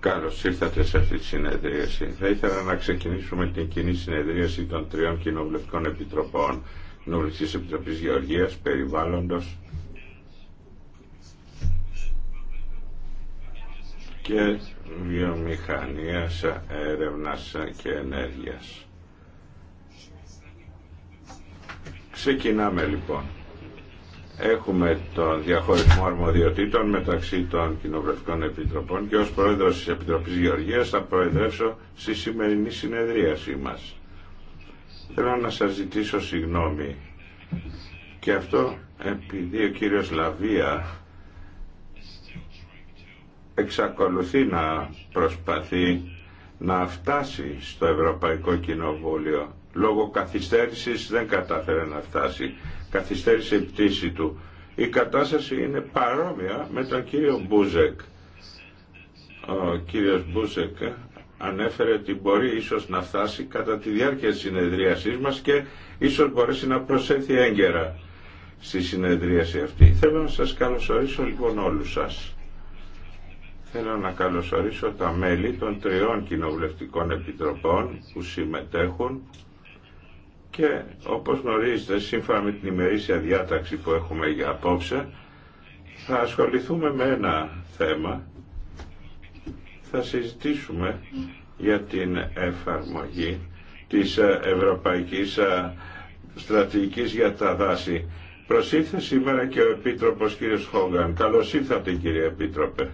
Καλώ ήρθατε σε αυτή τη συνεδρίαση. Θα ήθελα να ξεκινήσουμε την κοινή συνεδρίαση των τριών κοινοβουλευτικών επιτροπών Κοινοβουλευτική Επιτροπή Γεωργία περιβάλλοντο. και βιομηχανία έρευνα και ενέργεια. Ξεκινάμε λοιπόν έχουμε τον διαχωρισμό αρμοδιοτήτων μεταξύ των κοινοβουλευτικών επιτροπών και ως πρόεδρος της Επιτροπής Γεωργίας θα προεδρεύσω στη σημερινή συνεδρίασή μας. Θέλω να σας ζητήσω συγγνώμη και αυτό επειδή ο κύριος Λαβία εξακολουθεί να προσπαθεί να φτάσει στο Ευρωπαϊκό Κοινοβούλιο. Λόγω καθυστέρησης δεν κατάφερε να φτάσει καθυστέρησε η πτήση του. Η κατάσταση είναι παρόμοια με τον κύριο Μπούζεκ. Ο κύριος Μπούζεκ ανέφερε ότι μπορεί ίσως να φτάσει κατά τη διάρκεια της συνεδρίασής μας και ίσως μπορέσει να προσέθει έγκαιρα στη συνεδρίαση αυτή. Θέλω να σας καλωσορίσω λοιπόν όλους σας. Θέλω να καλωσορίσω τα μέλη των τριών κοινοβουλευτικών επιτροπών που συμμετέχουν και όπως γνωρίζετε, σύμφωνα με την ημερήσια διάταξη που έχουμε για απόψε, θα ασχοληθούμε με ένα θέμα. Θα συζητήσουμε για την εφαρμογή της Ευρωπαϊκής Στρατηγικής για τα Δάση. Προσήλθε σήμερα και ο Επίτροπος κ. Χόγκαν. Καλώς ήρθατε κύριε Επίτροπε.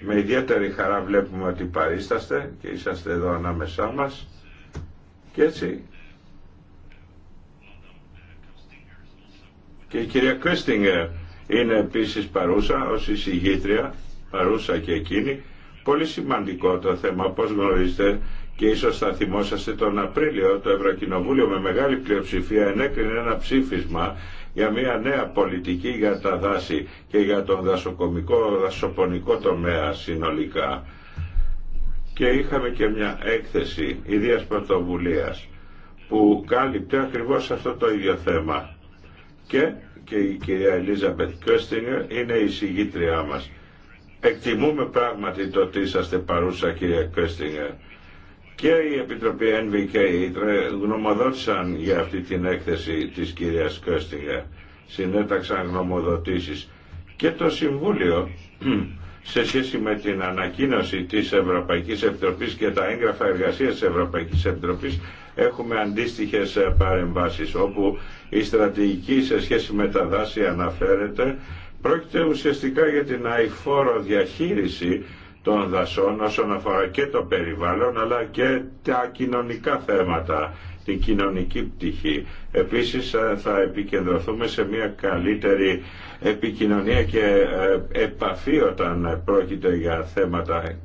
Με ιδιαίτερη χαρά βλέπουμε ότι παρίσταστε και είσαστε εδώ ανάμεσά μας. Και έτσι και η κυρία Κρίστιγκερ είναι επίσης παρούσα ως εισηγήτρια, παρούσα και εκείνη. Πολύ σημαντικό το θέμα, όπως γνωρίζετε, και ίσως θα θυμόσαστε τον Απρίλιο το Ευρωκοινοβούλιο με μεγάλη πλειοψηφία ενέκρινε ένα ψήφισμα για μια νέα πολιτική για τα δάση και για τον δασοκομικό δασοπονικό τομέα συνολικά και είχαμε και μια έκθεση ιδίας πρωτοβουλία που κάλυπτε ακριβώς αυτό το ίδιο θέμα και, και η κυρία Ελίζαμπετ Κέστινγκερ είναι η συγγήτριά μας. Εκτιμούμε πράγματι το ότι είσαστε παρούσα κυρία Κέστινγκερ και η Επιτροπή NVK γνωμοδότησαν για αυτή την έκθεση της κυρίας Κέστινγκερ συνέταξαν γνωμοδοτήσεις και το Συμβούλιο σε σχέση με την ανακοίνωση της Ευρωπαϊκής Επιτροπής και τα έγγραφα εργασίας της Ευρωπαϊκής Επιτροπής έχουμε αντίστοιχες ε, παρεμβάσεις όπου η στρατηγική σε σχέση με τα δάση αναφέρεται πρόκειται ουσιαστικά για την αηφόρο διαχείριση των δασών όσον αφορά και το περιβάλλον αλλά και τα κοινωνικά θέματα την κοινωνική πτυχή. Επίσης ε, θα επικεντρωθούμε σε μια καλύτερη επικοινωνία και ε, επαφή όταν πρόκειται για θέματα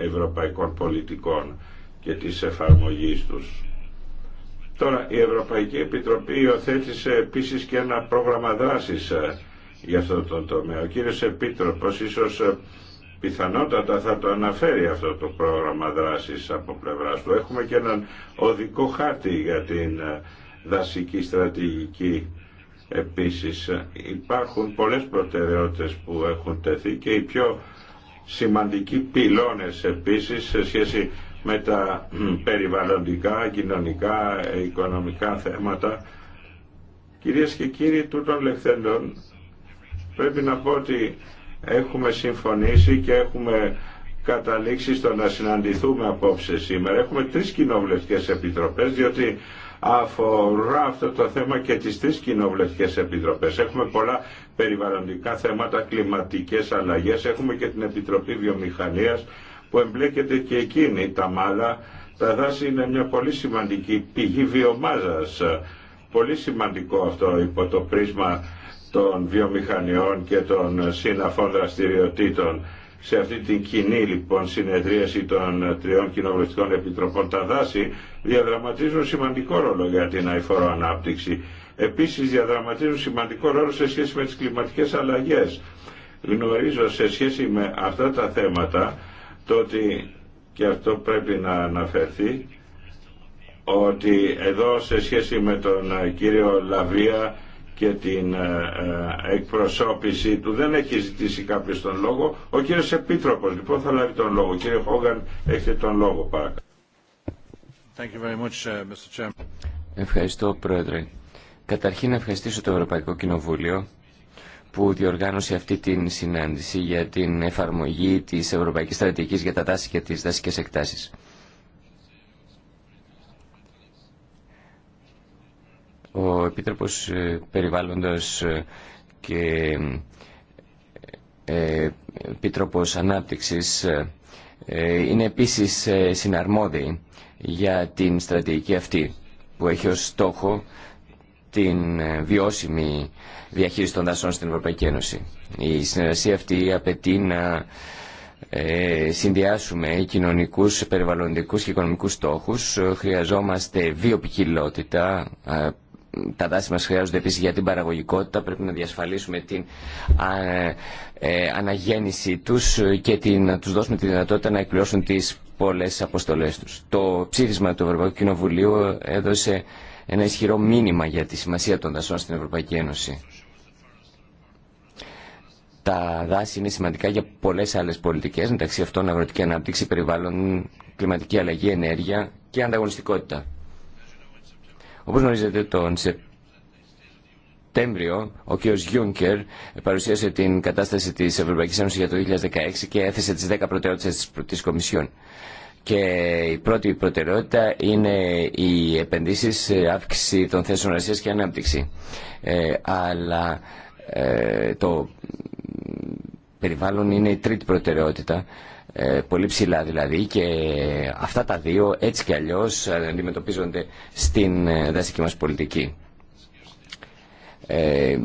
ευρωπαϊκών πολιτικών και της εφαρμογής τους. Τώρα η Ευρωπαϊκή Επιτροπή υιοθέτησε επίσης και ένα πρόγραμμα δράσης ε, για αυτό το τομέα. Ο κύριος Επίτροπος ίσως πιθανότατα θα το αναφέρει αυτό το πρόγραμμα δράσης από πλευρά του. Έχουμε και έναν οδικό χάρτη για την ε, δασική στρατηγική επίσης. Ε, υπάρχουν πολλές προτεραιότητες που έχουν τεθεί και οι πιο σημαντικοί πυλώνες επίσης σε σχέση με τα περιβαλλοντικά, κοινωνικά, οικονομικά θέματα. Κυρίες και κύριοι, τούτων λεχθέντων πρέπει να πω ότι έχουμε συμφωνήσει και έχουμε καταλήξει στο να συναντηθούμε απόψε σήμερα. Έχουμε τρεις κοινοβουλευτικές επιτροπές, διότι αφορά αυτό το θέμα και τις τρεις κοινοβουλευτικές επιτροπές. Έχουμε πολλά περιβαλλοντικά θέματα, κλιματικές αλλαγές, έχουμε και την Επιτροπή Βιομηχανίας που εμπλέκεται και εκείνη τα μάλα. Τα δάση είναι μια πολύ σημαντική πηγή βιομάζας. Πολύ σημαντικό αυτό υπό το πρίσμα των βιομηχανιών και των σύναφων δραστηριοτήτων. Σε αυτή την κοινή λοιπόν συνεδρίαση των τριών κοινοβουλευτικών επιτροπών τα δάση διαδραματίζουν σημαντικό ρόλο για την αηφορό ανάπτυξη. Επίσης διαδραματίζουν σημαντικό ρόλο σε σχέση με τις κλιματικές αλλαγές. Γνωρίζω σε σχέση με αυτά τα θέματα το ότι και αυτό πρέπει να αναφερθεί ότι εδώ σε σχέση με τον κύριο Λαβία και την ε, ε, εκπροσώπηση του. Δεν έχει ζητήσει κάποιο τον λόγο. Ο κύριος Επίτροπος λοιπόν θα λάβει τον λόγο. Κύριε Χόγκαν, έχετε τον λόγο παρακαλώ. Uh, Ευχαριστώ, Πρόεδρε. Καταρχήν ευχαριστήσω το Ευρωπαϊκό Κοινοβούλιο που διοργάνωσε αυτή την συνάντηση για την εφαρμογή της Ευρωπαϊκής Στρατηγικής για τα τάση και τις δασικές εκτάσεις. Ο Επίτροπος ε, Περιβάλλοντος ε, και ε, Επίτροπος Ανάπτυξης είναι επίσης συναρμόδιοι για την στρατηγική αυτή που έχει ως στόχο την βιώσιμη διαχείριση των δασών στην Ευρωπαϊκή Ένωση. Η συνεργασία αυτή απαιτεί να συνδυάσουμε κοινωνικούς, περιβαλλοντικούς και οικονομικούς στόχους. Χρειαζόμαστε βιοπικιλότητα, τα δάση μας χρειάζονται επίσης για την παραγωγικότητα. Πρέπει να διασφαλίσουμε την ε, αναγέννησή τους και να τους δώσουμε τη δυνατότητα να εκπληρώσουν τις πολλές αποστολές τους. Το ψήφισμα του Ευρωπαϊκού Κοινοβουλίου έδωσε ένα ισχυρό μήνυμα για τη σημασία των δασών στην Ευρωπαϊκή Ένωση. Τα δάση είναι σημαντικά για πολλές άλλες πολιτικές, μεταξύ αυτών αγροτική ανάπτυξη, περιβάλλον, κλιματική αλλαγή, ενέργεια και ανταγωνιστικότητα. Όπως γνωρίζετε τον Σεπτέμβριο ο κ. Γιούνκερ παρουσίασε την κατάσταση της Ευρωπαϊκής Ένωσης για το 2016 και έθεσε τις 10 προτεραιότητες της Κομισιόν. Και η πρώτη προτεραιότητα είναι οι επενδύσεις, αύξηση των θέσεων εργασία και ανάπτυξη. Ε, αλλά ε, το περιβάλλον είναι η τρίτη προτεραιότητα ε, πολύ ψηλά δηλαδή και αυτά τα δύο έτσι και αλλιώς αντιμετωπίζονται στην ε, δασική μας πολιτική. Ε,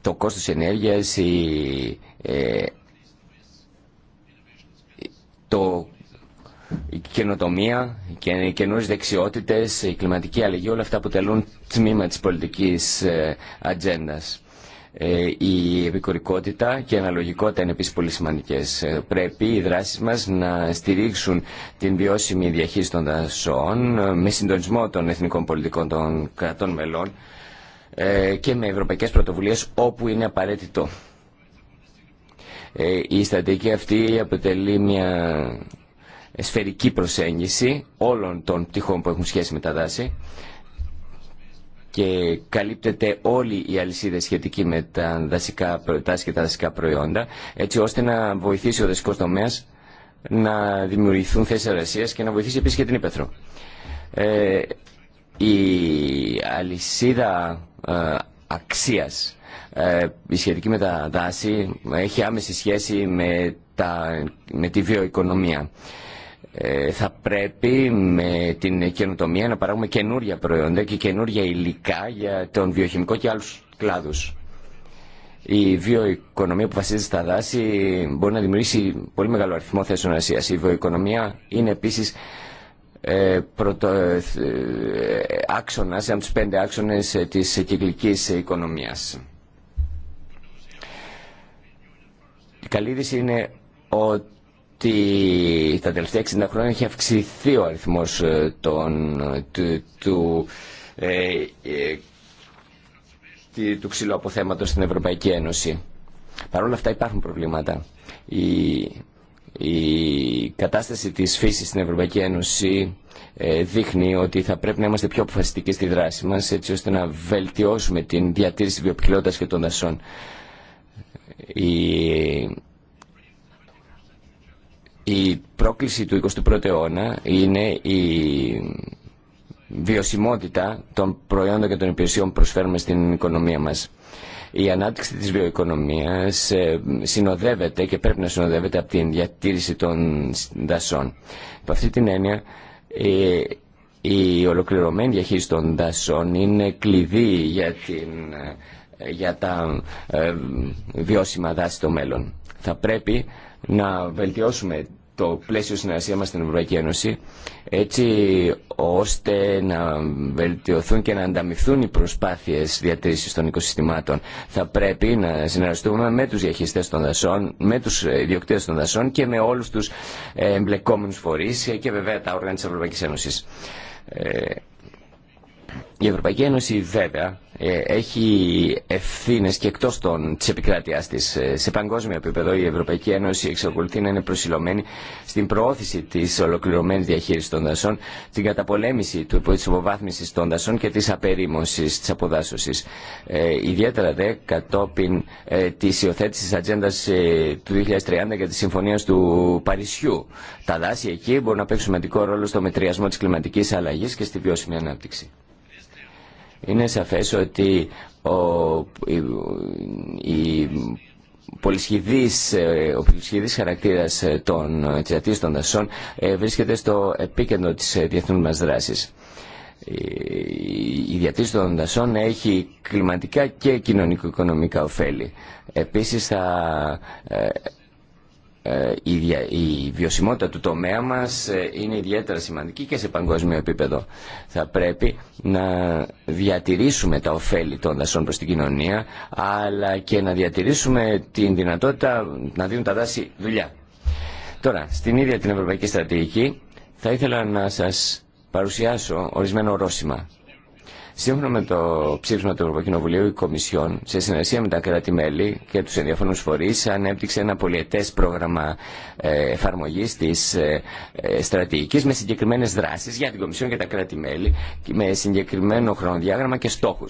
το κόστος ενέργειας, η, το, η καινοτομία, οι καινούριες δεξιότητες, η κλιματική αλλαγή, όλα αυτά αποτελούν τμήμα της πολιτικής ατζέντα. Ε, η επικορικότητα και η αναλογικότητα είναι επίση πολύ σημαντικέ. Ε, πρέπει οι δράσει μας να στηρίξουν την βιώσιμη διαχείριση των δασών ε, με συντονισμό των εθνικών πολιτικών των κρατών μελών και με ευρωπαϊκές πρωτοβουλίες όπου είναι απαραίτητο. Η στρατηγική αυτή αποτελεί μια σφαιρική προσέγγιση όλων των πτυχών που έχουν σχέση με τα δάση και καλύπτεται όλη η αλυσίδα σχετική με τα δασικά προτάσεις και τα δασικά προϊόντα, έτσι ώστε να βοηθήσει ο δασικός τομέας να δημιουργηθούν θέσεις εργασία και να βοηθήσει επίσης και την Ήπεθρο. Ε, η αλυσίδα ε, αξίας ε, σχετική με τα δάση έχει άμεση σχέση με, τα, με τη βιοοικονομία. Ε, θα πρέπει με την καινοτομία να παράγουμε καινούρια προϊόντα και καινούρια υλικά για τον βιοχημικό και άλλους κλάδους. Η βιοοικονομία που βασίζεται στα δάση μπορεί να δημιουργήσει πολύ μεγάλο αριθμό θέσεων εργασία. Η βιοοικονομία είναι επίσης ε, πρωτο, ένα ε, ε, από τους πέντε άξονες της κυκλικής οικονομίας. Η καλή είναι ότι ότι τα τελευταία 60 χρόνια έχει αυξηθεί ο αριθμός ε, των, του, του, ε, ε ξυλοαποθέματος στην Ευρωπαϊκή Ένωση. Παρ' όλα αυτά υπάρχουν προβλήματα. Η, η κατάσταση της φύσης στην Ευρωπαϊκή Ένωση ε, δείχνει ότι θα πρέπει να είμαστε πιο αποφασιστικοί στη δράση μας έτσι ώστε να βελτιώσουμε την διατήρηση βιοποικιλότητας και των δασών. Η η πρόκληση του 21ου αιώνα είναι η βιωσιμότητα των προϊόντων και των υπηρεσιών που προσφέρουμε στην οικονομία μας. Η ανάπτυξη της βιοοικονομίας ε, συνοδεύεται και πρέπει να συνοδεύεται από την διατήρηση των δασών. Από αυτή την έννοια ε, η ολοκληρωμένη διαχείριση των δασών είναι κλειδί για, ε, για τα βιώσιμα δάση στο μέλλον. Θα πρέπει να βελτιώσουμε το πλαίσιο συνεργασία μας στην Ευρωπαϊκή Ένωση έτσι ώστε να βελτιωθούν και να ανταμυφθούν οι προσπάθειες διατήρησης των οικοσυστημάτων. Θα πρέπει να συνεργαστούμε με τους διαχειριστές των δασών, με τους ιδιοκτήτες των δασών και με όλους τους εμπλεκόμενους φορείς και βέβαια τα όργανα της Ευρωπαϊκής Ένωσης. Ε, η Ευρωπαϊκή Ένωση βέβαια ε, έχει ευθύνε και εκτό τη επικράτειά τη. Ε, σε παγκόσμιο επίπεδο η Ευρωπαϊκή Ένωση εξακολουθεί να είναι προσιλωμένη στην προώθηση τη ολοκληρωμένη διαχείριση των δασών, την καταπολέμηση του υποβάθμιση των δασών και τη απερίμωση, τη αποδάσωση. Ε, ιδιαίτερα δε κατόπιν ε, τη υιοθέτηση ατζέντα ε, του 2030 και τη συμφωνία του Παρισιού. Τα δάση εκεί μπορούν να παίξουν σημαντικό ρόλο στο μετριασμό τη κλιματική αλλαγή και στη βιώσιμη ανάπτυξη. Είναι σαφές ότι ο, η, η πολυσχηδής, ε, ο χαρακτήρας ε, των, τσιατής των δασών ε, βρίσκεται στο επίκεντρο της διεθνούς μας δράσης. Η διατήρηση των δασών έχει κλιματικά και κοινωνικο-οικονομικά ωφέλη. Επίσης θα ε, η βιωσιμότητα του τομέα μας ε, είναι ιδιαίτερα σημαντική και σε παγκόσμιο επίπεδο. Θα πρέπει να διατηρήσουμε τα ωφέλη των δασών προς την κοινωνία αλλά και να διατηρήσουμε την δυνατότητα να δίνουν τα δάση δουλειά. Τώρα, στην ίδια την Ευρωπαϊκή Στρατηγική θα ήθελα να σας παρουσιάσω ορισμένο ορόσημα Σύμφωνα με το ψήφισμα του Ευρωπαϊκού Κοινοβουλίου, η Κομισιόν, σε συνεργασία με τα κράτη-μέλη και του ενδιαφέρονου φορεί, ανέπτυξε ένα πολιετέ πρόγραμμα ε, εφαρμογή τη ε, ε, στρατηγική με συγκεκριμένε δράσει για την Κομισιόν και τα κράτη-μέλη, με συγκεκριμένο χρονοδιάγραμμα και στόχου.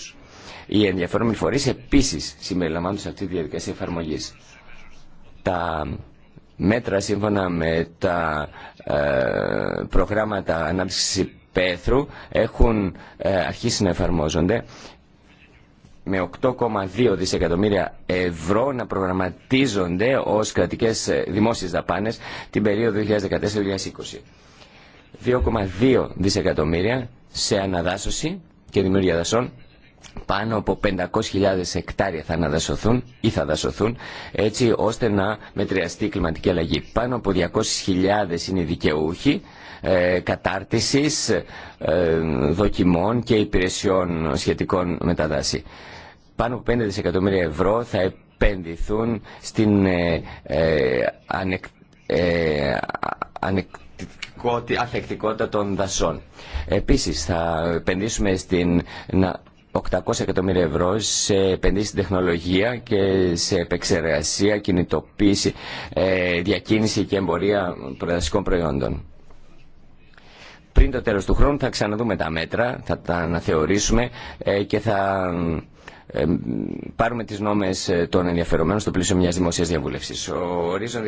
Οι ενδιαφέρομενοι φορεί επίση συμπεριλαμβάνονται σε αυτή τη διαδικασία εφαρμογή. Τα μέτρα σύμφωνα με τα προγράμματα ανάπτυξη Πέθρου έχουν ε, αρχίσει να εφαρμόζονται με 8,2 δισεκατομμύρια ευρώ να προγραμματίζονται ως κρατικές ε, δημόσιες δαπάνες την περίοδο 2014-2020. 2,2 δισεκατομμύρια σε αναδάσωση και δημιουργία δασών. Πάνω από 500.000 εκτάρια θα αναδασωθούν ή θα δασωθούν έτσι ώστε να μετριαστεί η κλιματική αλλαγή. Πάνω από 200.000 είναι οι δικαιούχοι ε, κατάρτισης, ε, δοκιμών και υπηρεσιών σχετικών με τα δάση. Πάνω από 5 δισεκατομμύρια ευρώ θα επενδυθούν στην ε, ανεκ, των δασών. Επίσης θα επενδύσουμε στην 800 εκατομμύρια ευρώ σε επενδύσεις στην τεχνολογία και σε επεξεργασία, κινητοποίηση, διακίνηση και εμπορία προεδρασικών προϊόντων πριν το τέλος του χρόνου θα ξαναδούμε τα μέτρα, θα τα αναθεωρήσουμε ε, και θα ε, πάρουμε τις νόμες ε, των ενδιαφερομένων στο πλήσιο μιας δημοσίας διαβούλευσης. Ο Horizon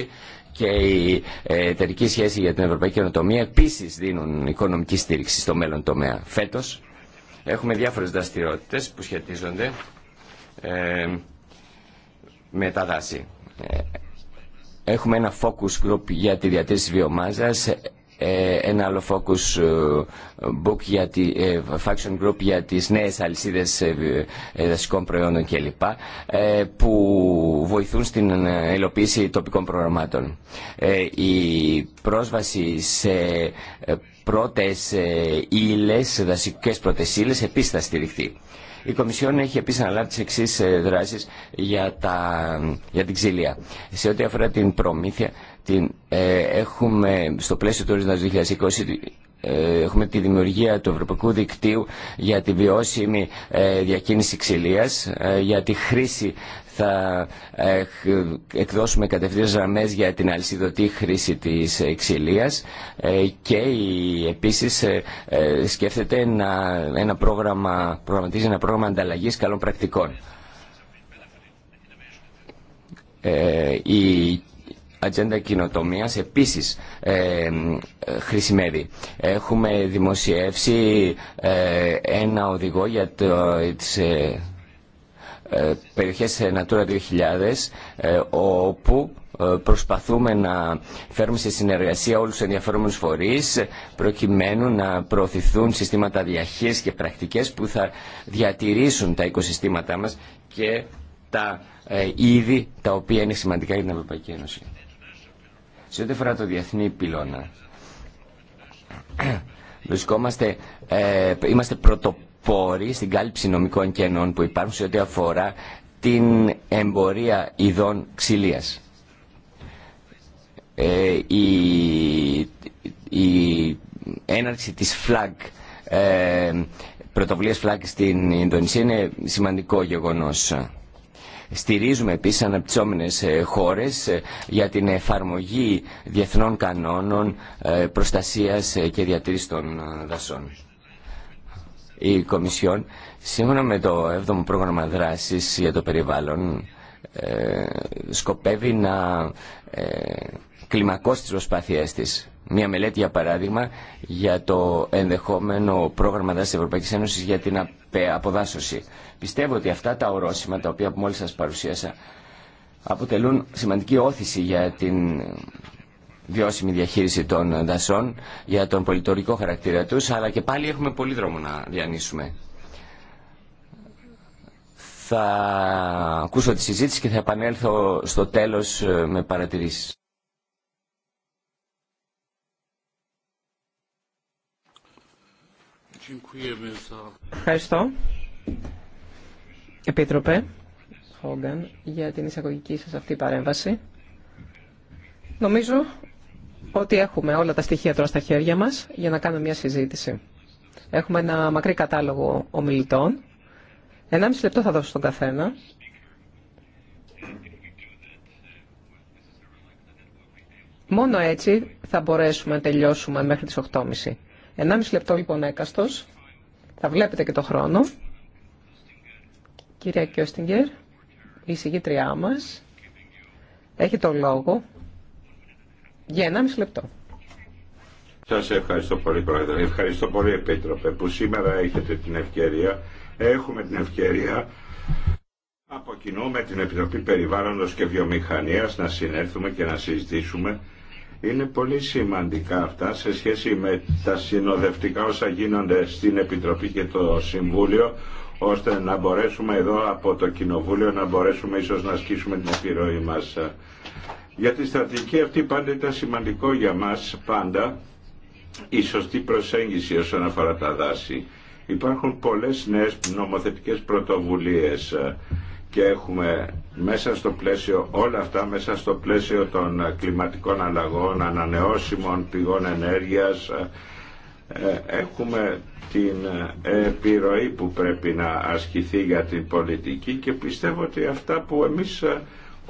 2020 και η εταιρική σχέση για την Ευρωπαϊκή Ενοτομία επίσης δίνουν οικονομική στήριξη στο μέλλον τομέα. Φέτος έχουμε διάφορες δραστηριότητες που σχετίζονται με τα δάση. Έχουμε ένα focus group για τη διατήρηση βιομάζας, ε, ένα άλλο focus ε, book για τη, ε, faction group για τις νέες αλυσίδες δασικών προϊόντων κλπ που βοηθούν στην υλοποίηση τοπικών προγραμμάτων. Η πρόσβαση σε πρώτες ύλες, δασικές πρώτες ύλες επίσης θα στηριχθεί. Η Κομισιόν έχει επίση αναλάβει τι εξή ε, δράσει για, τα, για την ξύλια. Σε ό,τι αφορά την προμήθεια, την, ε, έχουμε στο πλαίσιο του ορίζοντα 2020 ε, έχουμε τη δημιουργία του Ευρωπαϊκού Δικτύου για τη βιώσιμη διακίνηση ξυλίας, για τη χρήση θα ε, εκδώσουμε κατευθείαν γραμμέ για την αλυσιδωτή χρήση της ξυλίας ε, και επίσης ε, σκέφτεται ένα, ένα πρόγραμμα, προγραμματίζει ένα πρόγραμμα ανταλλαγής καλών πρακτικών. η ατζέντα κοινοτομία επίσης χρησιμεύει. Έχουμε δημοσιεύσει ένα οδηγό για το, ε, περιοχές ε, Natura 2000 ε, όπου προσπαθούμε να φέρουμε σε συνεργασία όλους τους ενδιαφέρομενους φορείς προκειμένου να προωθηθούν συστήματα διαχείρισης και πρακτικές που θα διατηρήσουν τα οικοσυστήματά μας και τα είδη τα οποία είναι σημαντικά για την Ευρωπαϊκή Ένωση. Σε ό,τι αφορά το διεθνή πυλώνα, βρισκόμαστε, είμαστε πρωτοπόροι πόροι στην κάλυψη νομικών κενών που υπάρχουν σε ό,τι αφορά την εμπορία ειδών ξυλίας. Ε, η, η έναρξη της FLAG, ε, πρωτοβουλίας FLAG στην Ινδονησία είναι σημαντικό γεγονός. Στηρίζουμε επίσης αναπτυσσόμενες ε, χώρες ε, για την εφαρμογή διεθνών κανόνων προστασίας και διατήρησης των δασών η Κομισιόν, σύμφωνα με το 7ο πρόγραμμα δράσης για το περιβάλλον, ε, σκοπεύει να ε, κλιμακώσει τις προσπάθειές της. Μια μελέτη, για παράδειγμα, για το ενδεχόμενο πρόγραμμα δράσης τη Ευρωπαϊκής Ένωσης για την αποδάσωση. Πιστεύω ότι αυτά τα ορόσημα, τα οποία μόλις σας παρουσίασα, αποτελούν σημαντική όθηση για την βιώσιμη διαχείριση των δασών, για τον πολιτορικό χαρακτήρα τους, αλλά και πάλι έχουμε πολύ δρόμο να διανύσουμε. Θα ακούσω τη συζήτηση και θα επανέλθω στο τέλος ε, με παρατηρήσεις. Ευχαριστώ. Επίτροπε Χόγκαν για την εισαγωγική σας αυτή παρέμβαση. Νομίζω ότι έχουμε όλα τα στοιχεία τώρα στα χέρια μας για να κάνουμε μια συζήτηση. Έχουμε ένα μακρύ κατάλογο ομιλητών. 1,5 λεπτό θα δώσω στον καθένα. Μόνο έτσι θα μπορέσουμε να τελειώσουμε μέχρι τις 8.30. 1,5 λεπτό λοιπόν έκαστος. Θα βλέπετε και το χρόνο. Κυρία Κιώστιγκερ, η συγγήτριά μας, έχει το λόγο για μισό λεπτό. Σα ευχαριστώ πολύ Πρόεδρε, ευχαριστώ πολύ Επίτροπε που σήμερα έχετε την ευκαιρία, έχουμε την ευκαιρία από κοινού με την Επιτροπή Περιβάλλοντος και Βιομηχανίας να συνέλθουμε και να συζητήσουμε είναι πολύ σημαντικά αυτά σε σχέση με τα συνοδευτικά όσα γίνονται στην Επιτροπή και το Συμβούλιο ώστε να μπορέσουμε εδώ από το Κοινοβούλιο να μπορέσουμε ίσως να ασκήσουμε την επιρροή μας. Για τη στρατηγική αυτή πάντα ήταν σημαντικό για μας πάντα η σωστή προσέγγιση όσον αφορά τα δάση. Υπάρχουν πολλές νέες νομοθετικές πρωτοβουλίες ε, και έχουμε μέσα στο πλαίσιο όλα αυτά, μέσα στο πλαίσιο των κλιματικών αλλαγών, ανανεώσιμων πηγών ενέργειας, ε, ε, έχουμε την επιρροή που πρέπει να ασκηθεί για την πολιτική και πιστεύω ότι αυτά που εμείς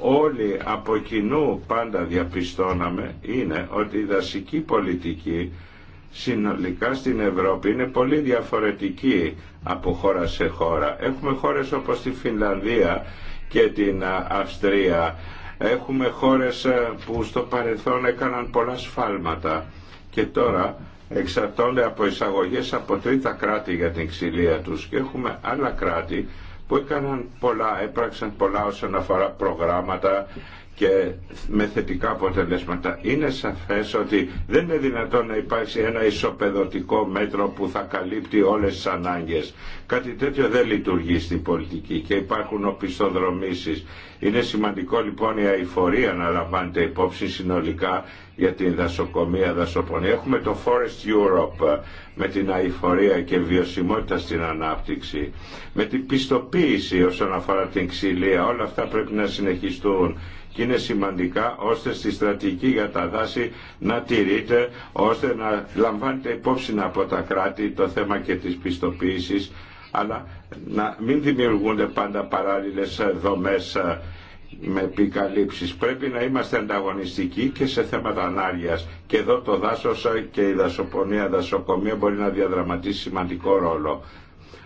όλοι από κοινού πάντα διαπιστώναμε είναι ότι η δασική πολιτική συνολικά στην Ευρώπη είναι πολύ διαφορετική από χώρα σε χώρα. Έχουμε χώρες όπως τη Φινλανδία και την Αυστρία. Έχουμε χώρες ε, που στο παρελθόν έκαναν πολλά σφάλματα και τώρα εξαρτώνται από εισαγωγές από τρίτα κράτη για την ξυλία τους και έχουμε άλλα κράτη που έκαναν πολλά, έπραξαν πολλά όσον αφορά προγράμματα και με θετικά αποτελέσματα. Είναι σαφές ότι δεν είναι δυνατόν να υπάρξει ένα ισοπεδωτικό μέτρο που θα καλύπτει όλες τις ανάγκες. Κάτι τέτοιο δεν λειτουργεί στην πολιτική και υπάρχουν οπισθοδρομήσεις. Είναι σημαντικό λοιπόν η αηφορία να λαμβάνεται υπόψη συνολικά για την δασοκομεία δασοπονία. Έχουμε το Forest Europe ε, με την αηφορία και βιωσιμότητα στην ανάπτυξη, με την πιστοποίηση όσον αφορά την ξυλία. Όλα αυτά πρέπει να συνεχιστούν και είναι σημαντικά ώστε στη στρατηγική για τα δάση να τηρείται, ώστε να λαμβάνετε υπόψη από τα κράτη το θέμα και της πιστοποίησης, αλλά να μην δημιουργούνται πάντα παράλληλες ε, δομές ε, με επικαλύψεις. Πρέπει να είμαστε ανταγωνιστικοί και σε θέματα ανάργειας. Και εδώ το δάσος και η δασοπονία, δασοκομεία μπορεί να διαδραματίσει σημαντικό ρόλο.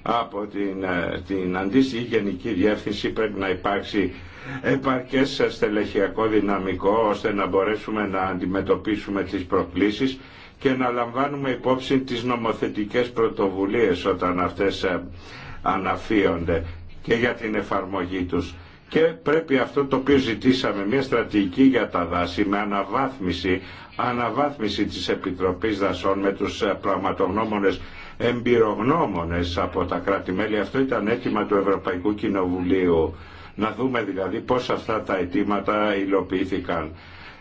Από την, ε, την αντίστοιχη γενική διεύθυνση πρέπει να υπάρξει επαρκές στελεχειακό δυναμικό ώστε να μπορέσουμε να αντιμετωπίσουμε τις προκλήσεις και να λαμβάνουμε υπόψη τις νομοθετικές πρωτοβουλίες όταν αυτές ε, αναφύονται και για την εφαρμογή τους. Και πρέπει αυτό το οποίο ζητήσαμε, μια στρατηγική για τα δάση με αναβάθμιση, αναβάθμιση της Επιτροπής Δασών με τους ε, πραγματογνώμονες εμπειρογνώμονες από τα κράτη-μέλη. Αυτό ήταν αίτημα του Ευρωπαϊκού Κοινοβουλίου. Να δούμε δηλαδή πώς αυτά τα αιτήματα υλοποιήθηκαν.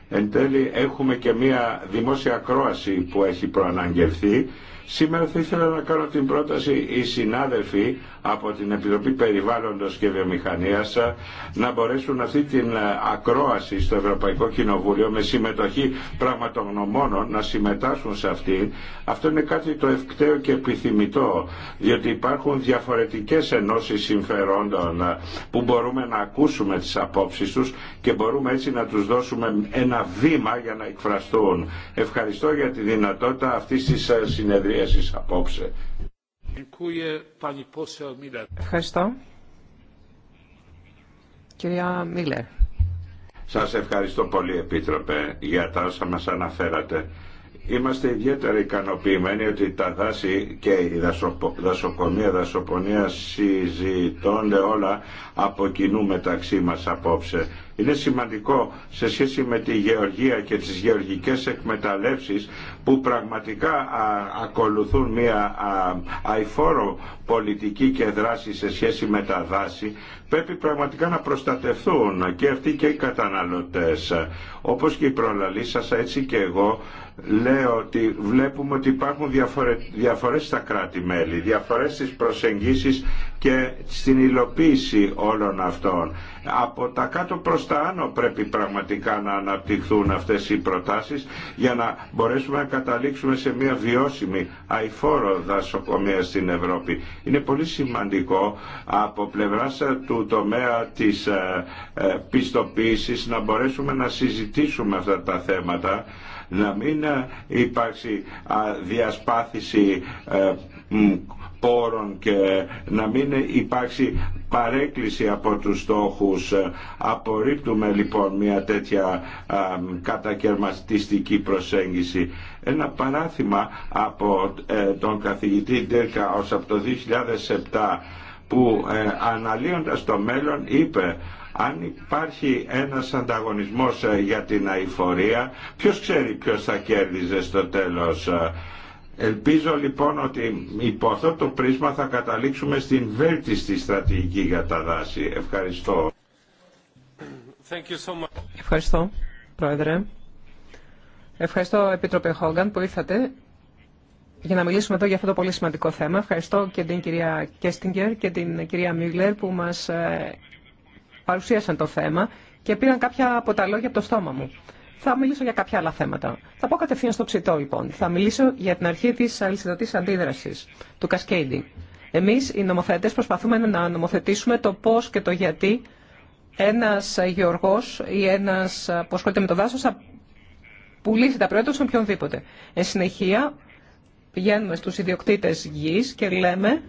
Εν τέλει έχουμε και μια δημόσια κρόαση που έχει προαναγγελθεί Σήμερα θα ήθελα να κάνω την πρόταση οι συνάδελφοι από την Επιτροπή Περιβάλλοντος και Βιομηχανίας να μπορέσουν αυτή την ακρόαση στο Ευρωπαϊκό Κοινοβούλιο με συμμετοχή πραγματογνωμόνων να συμμετάσχουν σε αυτή. Αυτό είναι κάτι το ευκταίο και επιθυμητό διότι υπάρχουν διαφορετικές ενώσεις συμφερόντων που μπορούμε να ακούσουμε τις απόψεις τους και μπορούμε έτσι να τους δώσουμε ένα βήμα για να εκφραστούν. Ευχαριστώ για τη δυνατότητα αυτής της συνεδρίας απόψε. Ευχαριστώ. Κυρία Μίλερ. Σας ευχαριστώ πολύ Επίτροπε για τα όσα μας αναφέρατε. Είμαστε ιδιαίτερα ικανοποιημένοι ότι τα δάση και η δασοκομεία, δασοπονία συζητώνται όλα από κοινού μεταξύ μας απόψε είναι σημαντικό σε σχέση με τη γεωργία και τις γεωργικές εκμεταλλεύσεις που πραγματικά ακολουθούν μια αϊφόρο πολιτική και δράση σε σχέση με τα δάση πρέπει πραγματικά να προστατευτούν και αυτοί και οι καταναλωτές. Όπως και η προλαλή σας, έτσι και εγώ λέω ότι βλέπουμε ότι υπάρχουν διαφορε... διαφορές στα κράτη-μέλη, διαφορές στις προσεγγίσεις και στην υλοποίηση όλων αυτών. Από τα κάτω προς τα άνω πρέπει πραγματικά να αναπτυχθούν αυτές οι προτάσεις για να μπορέσουμε να καταλήξουμε σε μια βιώσιμη αηφόρο δασοκομεία στην Ευρώπη. Είναι πολύ σημαντικό από πλευράς του τομέα της ε, ε, πιστοποίησης να μπορέσουμε να συζητήσουμε αυτά τα θέματα να μην ε, υπάρξει διασπάθηση πόρων και να μην υπάρξει παρέκκληση από τους στόχους. Απορρίπτουμε λοιπόν μια τέτοια κατακαιρματιστική προσέγγιση. Ένα παράθυμα από ε, τον καθηγητή Ντέρκα ως από το 2007 που ε, αναλύοντας το μέλλον είπε αν υπάρχει ένας ανταγωνισμός ε, για την αηφορία, ποιος ξέρει ποιος θα κέρδιζε στο τέλος. Ελπίζω λοιπόν ότι υπό αυτό το πρίσμα θα καταλήξουμε στην βέλτιστη στρατηγική για τα δάση. Ευχαριστώ. Ευχαριστώ, Πρόεδρε. Ευχαριστώ, Επίτροπε Χόγκαν, που ήρθατε για να μιλήσουμε εδώ για αυτό το πολύ σημαντικό θέμα. Ευχαριστώ και την κυρία Κέστιγκερ και την κυρία Μιούλερ που μας ε, παρουσίασαν το θέμα και πήραν κάποια από τα λόγια από το στόμα μου. Θα μιλήσω για κάποια άλλα θέματα. Θα πω κατευθείαν στο ψητό, λοιπόν. Θα μιλήσω για την αρχή τη αλυσιδωτή αντίδραση, του cascading. Εμεί, οι νομοθέτε, προσπαθούμε να νομοθετήσουμε το πώ και το γιατί ένα γεωργό ή ένα που ασχολείται με το δάσο θα πουλήσει τα προϊόντα του σε οποιονδήποτε. Εν συνεχεία, πηγαίνουμε στου ιδιοκτήτε γη και λέμε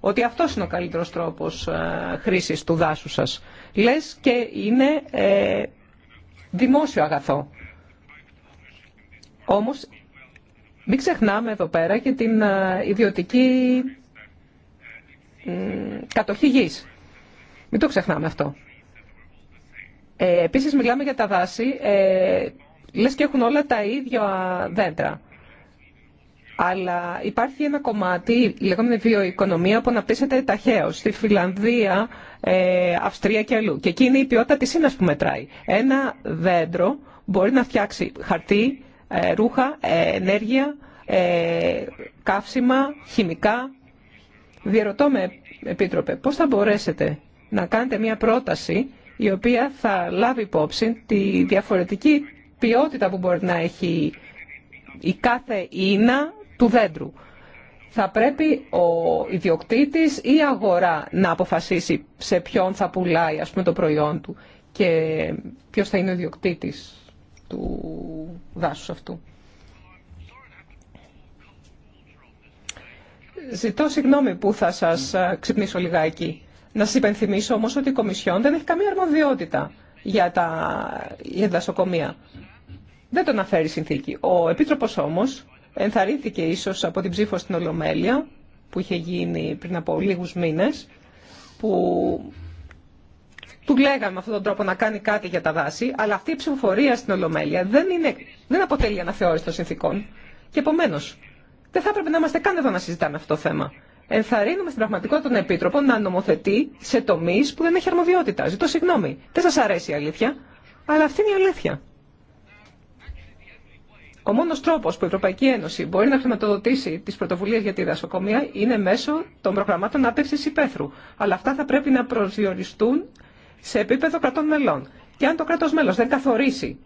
ότι αυτό είναι ο καλύτερο τρόπο ε, χρήση του δάσου σα. Λε και είναι. Ε, δημόσιο αγαθό. Όμως μην ξεχνάμε εδώ πέρα και την ε, ιδιωτική κατοχή γης. Μην το ξεχνάμε αυτό. Ε, επίσης μιλάμε για τα δάση, ε, λες και έχουν όλα τα ίδια δέντρα. Αλλά υπάρχει ένα κομμάτι, η λεγόμενη βιοοικονομία, που αναπτύσσεται ταχαίω στη Φιλανδία, ε, Αυστρία και αλλού. Και εκεί είναι η ποιότητα τη ύνα που μετράει. Ένα δέντρο μπορεί να φτιάξει χαρτί, ε, ρούχα, ε, ενέργεια, καύσιμα, χημικά. Διερωτώ με, Επίτροπε, πώς θα μπορέσετε να κάνετε μια πρόταση η οποία θα λάβει υπόψη τη διαφορετική ποιότητα που μπορεί να έχει η κάθε ίνα του δέντρου. Θα πρέπει ο ιδιοκτήτης ή η αγορά να αποφασίσει σε ποιον θα πουλάει ας πούμε, το προϊόν του και ποιος θα είναι ο ιδιοκτήτης του δάσους αυτού. Ζητώ συγγνώμη που θα σας ξυπνήσω λιγάκι. Να σας υπενθυμίσω όμως ότι η Κομισιόν δεν έχει καμία αρμοδιότητα για τα δασοκομεία. Δεν το αναφέρει η συνθήκη. Ο Επίτροπος όμως ενθαρρύνθηκε ίσως από την ψήφο στην Ολομέλεια που είχε γίνει πριν από λίγους μήνες που του λέγαμε με αυτόν τον τρόπο να κάνει κάτι για τα δάση αλλά αυτή η ψηφοφορία στην Ολομέλεια δεν, είναι, δεν αποτελεί αναθεώρηση των συνθήκων και επομένω. δεν θα έπρεπε να είμαστε καν εδώ να συζητάμε αυτό το θέμα. Ενθαρρύνουμε στην πραγματικότητα τον Επίτροπο να νομοθετεί σε τομεί που δεν έχει αρμοδιότητα. Ζητώ συγγνώμη. Δεν σα αρέσει η αλήθεια, αλλά αυτή είναι η αλήθεια. Ο μόνο τρόπο που η Ευρωπαϊκή Ένωση μπορεί να χρηματοδοτήσει τι πρωτοβουλίε για τη δασοκομεία είναι μέσω των προγραμμάτων άπευση υπαίθρου. Αλλά αυτά θα πρέπει να προσδιοριστούν σε επίπεδο κρατών μελών. Και αν το κράτο μέλο δεν καθορίσει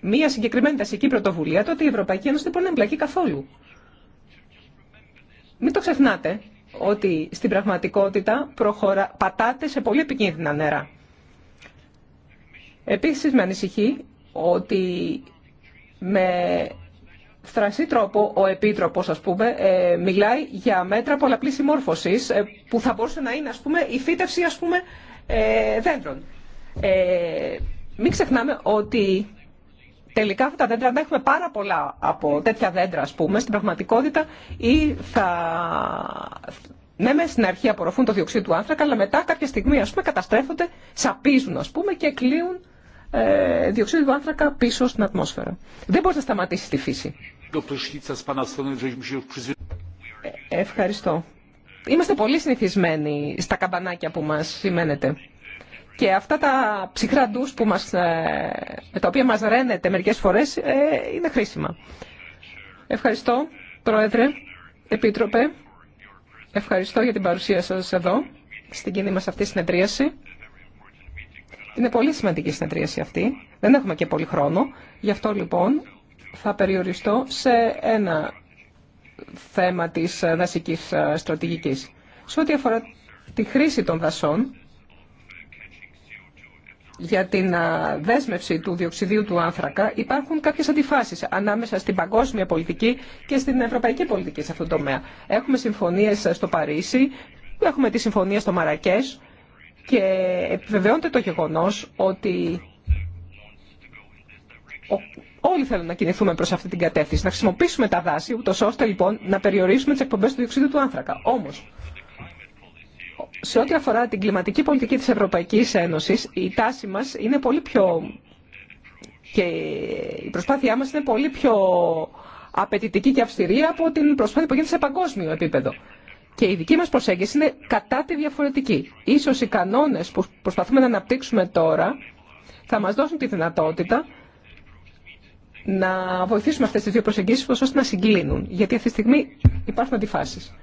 μία συγκεκριμένη δασική πρωτοβουλία, τότε η Ευρωπαϊκή Ένωση δεν μπορεί να εμπλακεί καθόλου. Μην το ξεχνάτε ότι στην πραγματικότητα προχωρα... πατάτε σε πολύ επικίνδυνα νερά. Επίσης με ανησυχεί ότι με φτρασή τρόπο ο Επίτροπος, ας πούμε, ε, μιλάει για μέτρα πολλαπλής συμμόρφωσης ε, που θα μπορούσε να είναι, ας πούμε, η φύτευση, ας πούμε, ε, δέντρων. Ε, μην ξεχνάμε ότι τελικά αυτά τα δέντρα, αν έχουμε πάρα πολλά από τέτοια δέντρα, ας πούμε, στην πραγματικότητα ή θα... Ναι, με στην αρχή απορροφούν το διοξείδιο του άνθρακα, αλλά μετά κάποια στιγμή, ας πούμε, καταστρέφονται, σαπίζουν, ας πούμε, και κλείουν ε, διοξείδιο του άνθρακα πίσω στην ατμόσφαιρα. Δεν μπορεί να σταματήσει τη φύση. Ε, ευχαριστώ. Είμαστε πολύ συνηθισμένοι στα καμπανάκια που μας σημαίνεται. Και αυτά τα ψυχρά ντους που μας, ε, με τα οποία μας ρένεται μερικές φορές ε, είναι χρήσιμα. Ευχαριστώ, Πρόεδρε, Επίτροπε. Ευχαριστώ για την παρουσία σας εδώ, στην κοινή μας αυτή συνεδρίαση. Είναι πολύ σημαντική η συνεδρίαση αυτή. Δεν έχουμε και πολύ χρόνο. Γι' αυτό λοιπόν θα περιοριστώ σε ένα θέμα της δασικής ε, στρατηγικής. Σε ό,τι αφορά τη χρήση των δασών για την ε, δέσμευση του διοξιδίου του άνθρακα υπάρχουν κάποιες αντιφάσεις ανάμεσα στην παγκόσμια πολιτική και στην ευρωπαϊκή πολιτική σε αυτό το τομέα. Έχουμε συμφωνίες ε, στο Παρίσι, έχουμε τη συμφωνία στο Μαρακές και επιβεβαιώνεται το γεγονός ότι όλοι θέλουν να κινηθούμε προς αυτή την κατεύθυνση, να χρησιμοποιήσουμε τα δάση, ούτως ώστε λοιπόν να περιορίσουμε τις εκπομπές του διοξείδου του άνθρακα. Όμως, σε ό,τι αφορά την κλιματική πολιτική της Ευρωπαϊκής Ένωσης, η τάση μας είναι πολύ πιο... και η προσπάθειά μας είναι πολύ πιο απαιτητική και αυστηρή από την προσπάθεια που γίνεται σε παγκόσμιο επίπεδο. Και η δική μας προσέγγιση είναι κατά τη διαφορετική. Ίσως οι κανόνες που προσπαθούμε να αναπτύξουμε τώρα θα μας δώσουν τη δυνατότητα να βοηθήσουμε αυτές τις δύο προσεγγίσεις ώστε να συγκλίνουν. Γιατί αυτή τη στιγμή υπάρχουν αντιφάσεις.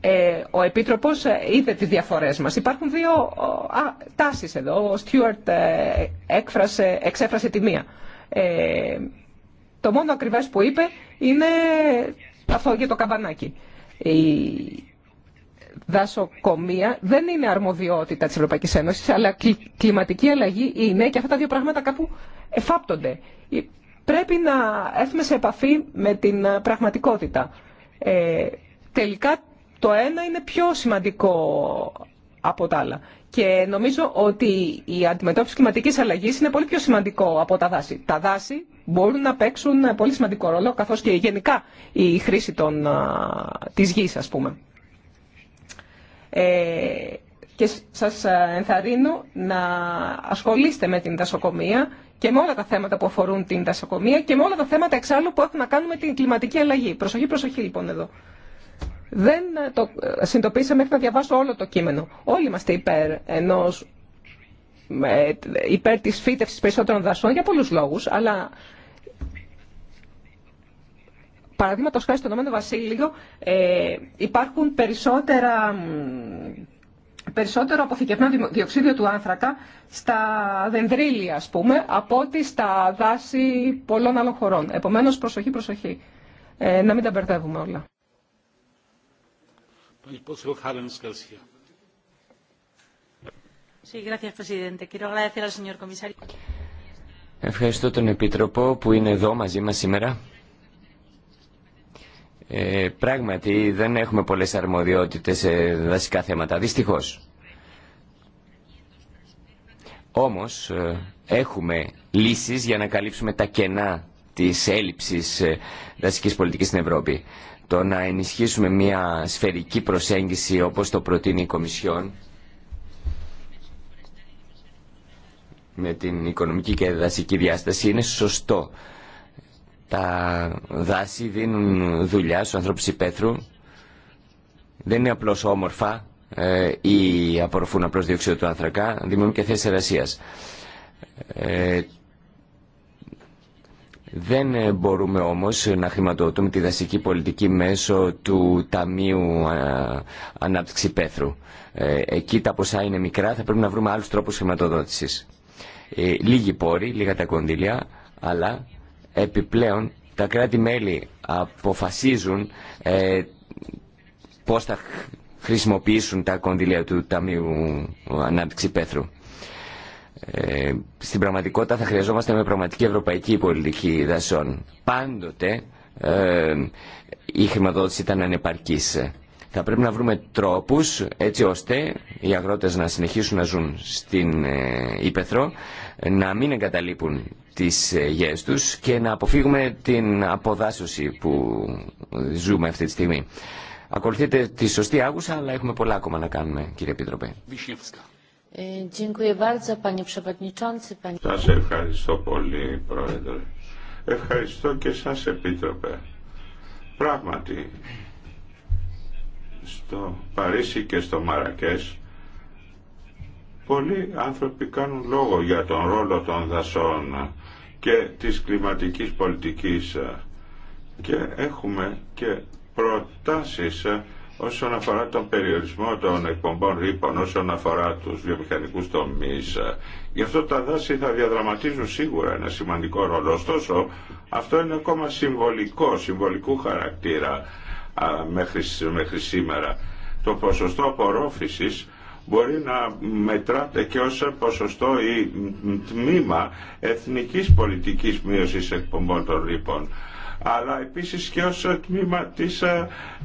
Ε, ο Επίτροπος είδε τις διαφορές μας. Υπάρχουν δύο α, τάσεις εδώ. Ο Στιούαρτ ε, εξέφρασε τη μία. Ε, το μόνο ακριβές που είπε είναι αυτό για το καμπανάκι. Η δασοκομεία δεν είναι αρμοδιότητα της Ευρωπαϊκής Ένωσης, αλλά κλιματική αλλαγή είναι και αυτά τα δύο πράγματα κάπου εφάπτονται. Πρέπει να έρθουμε σε επαφή με την πραγματικότητα. Ε, τελικά το ένα είναι πιο σημαντικό από τα άλλα. Και νομίζω ότι η αντιμετώπιση κλιματικής αλλαγής είναι πολύ πιο σημαντικό από τα δάση. Τα δάση μπορούν να παίξουν πολύ σημαντικό ρόλο, καθώς και γενικά η χρήση των, της γης, ας πούμε. Ε, και σας ενθαρρύνω να ασχολείστε με την δασοκομεία και με όλα τα θέματα που αφορούν την δασοκομεία και με όλα τα θέματα εξάλλου που έχουν να κάνουν με την κλιματική αλλαγή. Προσοχή, προσοχή λοιπόν εδώ. Δεν το ε, συνειδητοποίησα μέχρι να διαβάσω όλο το κείμενο. Όλοι είμαστε υπέρ ενός ε, υπέρ της φύτευσης περισσότερων δασών για πολλούς λόγους, αλλά παραδείγματο χάρη στο Ηνωμένο Βασίλειο ε, υπάρχουν περισσότερα, περισσότερο αποθηκευμένο διοξίδιο του άνθρακα στα δενδρύλια, ας πούμε, από ότι στα δάση πολλών άλλων χωρών. Επομένως, προσοχή, προσοχή. Ε, να μην τα μπερδεύουμε όλα. Ευχαριστώ τον Επίτροπο που είναι εδώ μαζί μας σήμερα. Ε, πράγματι δεν έχουμε πολλές αρμοδιότητες σε δασικά θέματα, δυστυχώς. Όμως ε, έχουμε λύσεις για να καλύψουμε τα κενά της έλλειψης ε, δασικής πολιτικής στην Ευρώπη. Το να ενισχύσουμε μια σφαιρική προσέγγιση όπως το προτείνει η Κομισιόν με την οικονομική και δασική διάσταση είναι σωστό. Τα δάση δίνουν δουλειά στους ανθρώπους υπαίθρου. Δεν είναι απλώς όμορφα ε, ή απορροφούν απλώς διοξείδιο του άνθρακα. Δημιουργούν και θέσεις εργασίας. Ε, δεν μπορούμε όμως να χρηματοδοτούμε τη δασική πολιτική μέσω του Ταμείου ε, Ανάπτυξη Πέθρου. Εκεί τα ποσά είναι μικρά, θα πρέπει να βρούμε άλλους τρόπους χρηματοδότησης. Ε, λίγοι πόροι, λίγα τα κονδύλια, αλλά επιπλέον τα κράτη-μέλη αποφασίζουν ε, πώς θα χρησιμοποιήσουν τα κονδύλια του Ταμείου Ανάπτυξη Πέθρου. Ε, στην πραγματικότητα θα χρειαζόμαστε με πραγματική ευρωπαϊκή πολιτική δασών. Πάντοτε ε, η χρηματοδότηση ήταν ανεπαρκής. Θα πρέπει να βρούμε τρόπους έτσι ώστε οι αγρότες να συνεχίσουν να ζουν στην ε, Ήπεθρο, να μην εγκαταλείπουν τις ε, γέες τους και να αποφύγουμε την αποδάσωση που ζούμε αυτή τη στιγμή. Ακολουθείτε τη σωστή άγουσα, αλλά έχουμε πολλά ακόμα να κάνουμε, κύριε Επίτροπε. Ε, σας ευχαριστώ πολύ, Πρόεδρε. Ευχαριστώ και σας, Επίτροπε. Πράγματι, στο Παρίσι και στο Μαρακές πολλοί άνθρωποι κάνουν λόγο για τον ρόλο των δασών και της κλιματικής πολιτικής και έχουμε και προτάσεις όσον αφορά τον περιορισμό των εκπομπών ρήπων, όσον αφορά τους βιομηχανικούς τομείς. Γι' αυτό τα δάση θα διαδραματίζουν σίγουρα ένα σημαντικό ρόλο. Ωστόσο, αυτό είναι ακόμα συμβολικό, συμβολικού χαρακτήρα μέχρι, μέχρι σήμερα. Το ποσοστό απορρόφησης μπορεί να μετράται και ως ποσοστό ή τμήμα εθνικής πολιτικής μείωσης εκπομπών των ρήπων αλλά επίσης και ως τμήμα της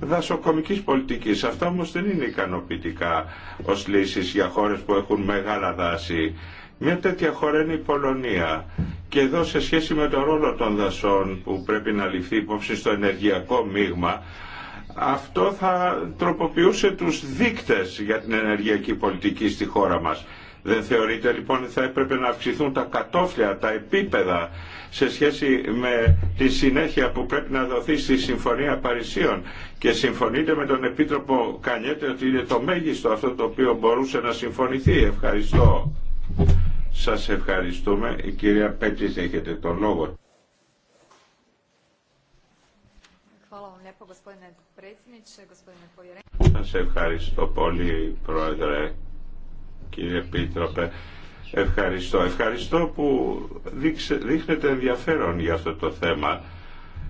δασοκομικής πολιτικής. Αυτά όμως δεν είναι ικανοποιητικά ως λύσεις για χώρες που έχουν μεγάλα δάση. Μια τέτοια χώρα είναι η Πολωνία. Και εδώ σε σχέση με τον ρόλο των δασών που πρέπει να ληφθεί υπόψη στο ενεργειακό μείγμα, αυτό θα τροποποιούσε τους δείκτες για την ενεργειακή πολιτική στη χώρα μας. Δεν θεωρείτε λοιπόν ότι θα έπρεπε να αυξηθούν τα κατόφλια, τα επίπεδα σε σχέση με τη συνέχεια που πρέπει να δοθεί στη Συμφωνία Παρισίων και συμφωνείτε με τον Επίτροπο Κανιέτε ότι είναι το μέγιστο αυτό το οποίο μπορούσε να συμφωνηθεί. Ευχαριστώ. Σας ευχαριστούμε. Η κυρία Πέτης έχετε τον λόγο. Σας ευχαριστώ πολύ, Πρόεδρε, κύριε Πίτροπε. Ευχαριστώ. Ευχαριστώ που δείχνετε ενδιαφέρον για αυτό το θέμα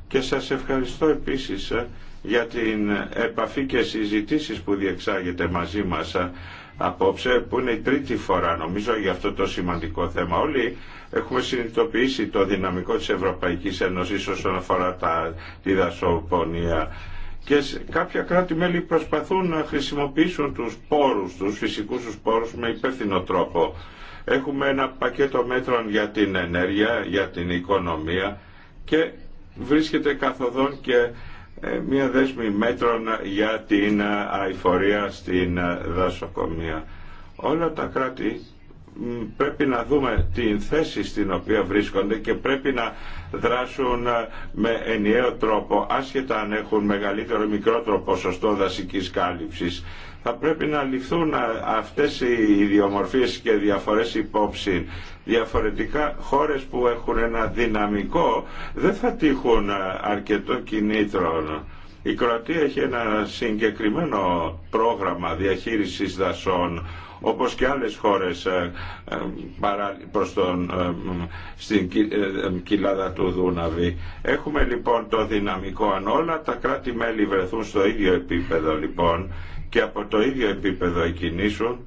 και σας ευχαριστώ επίσης ε, για την επαφή και συζητήσεις που διεξάγεται μαζί μας ε, απόψε που είναι η τρίτη φορά νομίζω για αυτό το σημαντικό θέμα. Όλοι έχουμε συνειδητοποιήσει το δυναμικό της Ευρωπαϊκής Ένωσης όσον αφορά τα, τη δασοπονία και κάποια κράτη-μέλη προσπαθούν να χρησιμοποιήσουν τους πόρους, τους φυσικούς τους πόρους με υπεύθυνο τρόπο. Έχουμε ένα πακέτο μέτρων για την ενέργεια, για την οικονομία και βρίσκεται καθοδόν και ε, μια δέσμη μέτρων για την ε, αηφορία στην ε, δασοκομεία. Όλα τα κράτη πρέπει να δούμε την θέση στην οποία βρίσκονται και πρέπει να δράσουν ε, με ενιαίο τρόπο, άσχετα αν έχουν μεγαλύτερο ή μικρότερο ποσοστό δασικής κάλυψης. Θα πρέπει να ληφθούν ε, αυτές οι ιδιομορφίες και διαφορές υπόψη. Διαφορετικά χώρες που έχουν ένα δυναμικό δεν θα τύχουν ε, αρκετό κινήτρο. Η Κροατία έχει ένα συγκεκριμένο πρόγραμμα διαχείρισης δασών όπως και άλλες χώρες ε, ε, προς τον, ε, στην κοιλάδα του Δούναβη. Έχουμε λοιπόν το δυναμικό αν όλα τα κράτη-μέλη βρεθούν στο ίδιο επίπεδο λοιπόν και από το ίδιο επίπεδο εκινήσουν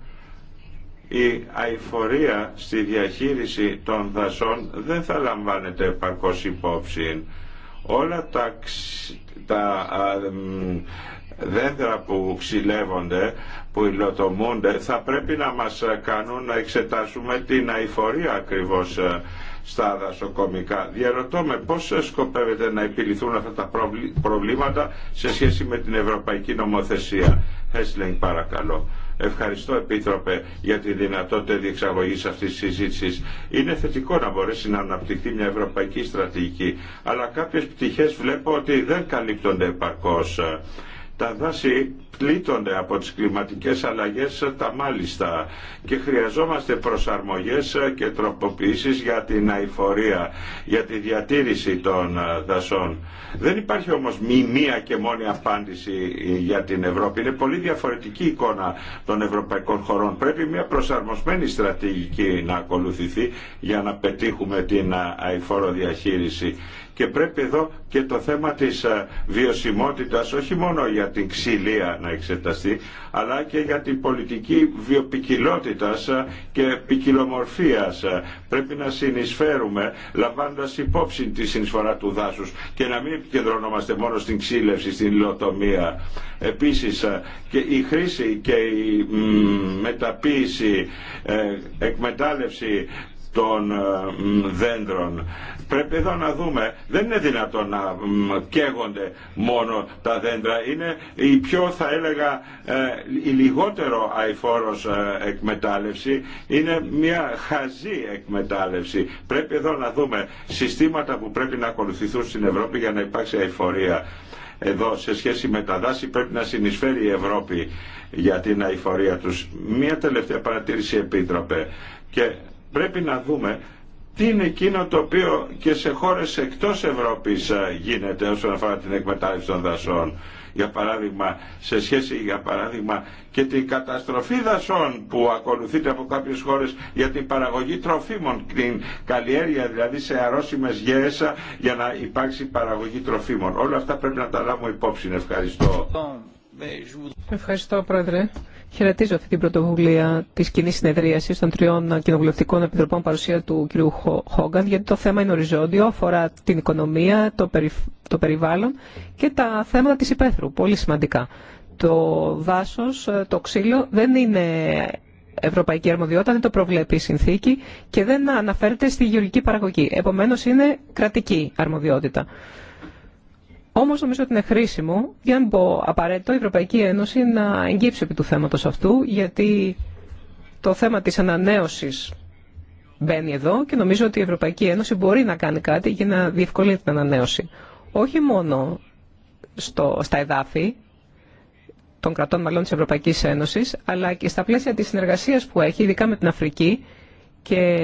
η αηφορία στη διαχείριση των δασών δεν θα λαμβάνεται επαρκώς υπόψη. Όλα τα, τα δέντρα που ξυλεύονται που υλοτομούνται θα πρέπει να μας κάνουν να εξετάσουμε την αηφορία ακριβώς ε, στα δασοκομικά. Διαρωτώ με πώς σκοπεύετε να επιληθούν αυτά τα προβλήματα σε σχέση με την ευρωπαϊκή νομοθεσία. Χέσλινγκ παρακαλώ. Ευχαριστώ, Επίτροπε, για τη δυνατότητα διεξαγωγή αυτή τη συζήτηση. Είναι θετικό να μπορέσει να αναπτυχθεί μια ευρωπαϊκή στρατηγική, αλλά κάποιε πτυχέ βλέπω ότι δεν καλύπτονται επαρκώ. Τα δάση πλήττονται από τις κλιματικές αλλαγές τα μάλιστα και χρειαζόμαστε προσαρμογές και τροποποιήσεις για την αηφορία, για τη διατήρηση των ε, δασών. Δεν υπάρχει όμως μία και μόνη απάντηση ε, για την Ευρώπη. Είναι πολύ διαφορετική εικόνα των ευρωπαϊκών χωρών. Πρέπει μια προσαρμοσμένη στρατηγική να ακολουθηθεί για να πετύχουμε την ε, αηφόρο διαχείριση και πρέπει εδώ και το θέμα της βιωσιμότητας όχι μόνο για την ξυλία να εξεταστεί, αλλά και για την πολιτική βιοπικιλότητα και ποικιλομορφία. Πρέπει να συνεισφέρουμε λαμβάνοντα υπόψη τη συνεισφορά του δάσου και να μην επικεντρωνόμαστε μόνο στην ξύλευση, στην υλοτομία. Επίση, και η χρήση και η μεταποίηση, ε, εκμετάλλευση των ε, δέντρων. Πρέπει εδώ να δούμε, δεν είναι δυνατόν να καίγονται μόνο τα δέντρα, είναι η πιο θα έλεγα ε, η λιγότερο αηφόρος ε, εκμετάλλευση, είναι μια χαζή εκμετάλλευση. Πρέπει εδώ να δούμε συστήματα που πρέπει να ακολουθηθούν στην Ευρώπη για να υπάρξει αηφορία. Εδώ σε σχέση με τα δάση πρέπει να συνεισφέρει η Ευρώπη για την αηφορία τους. Μία τελευταία παρατήρηση επίτροπε και πρέπει να δούμε τι είναι εκείνο το οποίο και σε χώρες εκτός Ευρώπης ε, γίνεται όσον αφορά την εκμετάλλευση των δασών. Για παράδειγμα, σε σχέση για παράδειγμα και την καταστροφή δασών που ακολουθείται από κάποιες χώρες για την παραγωγή τροφίμων, την καλλιέργεια δηλαδή σε αρρώσιμες γέες ε, για να υπάρξει παραγωγή τροφίμων. Όλα αυτά πρέπει να τα λάβουμε υπόψη. Ευχαριστώ. Ευχαριστώ Πρόεδρε. Χαιρετίζω αυτή την πρωτοβουλία τη κοινή συνεδρίαση των τριών κοινοβουλευτικών επιτροπών παρουσία του κ. Χόγκαν, γιατί το θέμα είναι οριζόντιο, αφορά την οικονομία, το, το περιβάλλον και τα θέματα τη υπαίθρου. Πολύ σημαντικά. Το δάσο, το ξύλο δεν είναι ευρωπαϊκή αρμοδιότητα, δεν το προβλέπει η συνθήκη και δεν αναφέρεται στη γεωργική παραγωγή. Επομένω είναι κρατική αρμοδιότητα. Όμως νομίζω ότι είναι χρήσιμο, για να πω απαραίτητο, η Ευρωπαϊκή Ένωση να εγγύψει επί του θέματο αυτού, γιατί το θέμα της ανανέωσης μπαίνει εδώ και νομίζω ότι η Ευρωπαϊκή Ένωση μπορεί να κάνει κάτι για να διευκολύνει την ανανέωση. Όχι μόνο στο, στα εδάφη των κρατών μελών τη ευρωπαϊκή Ένωση, αλλά και στα πλαίσια τη συνεργασία που έχει, ειδικά με την Αφρική και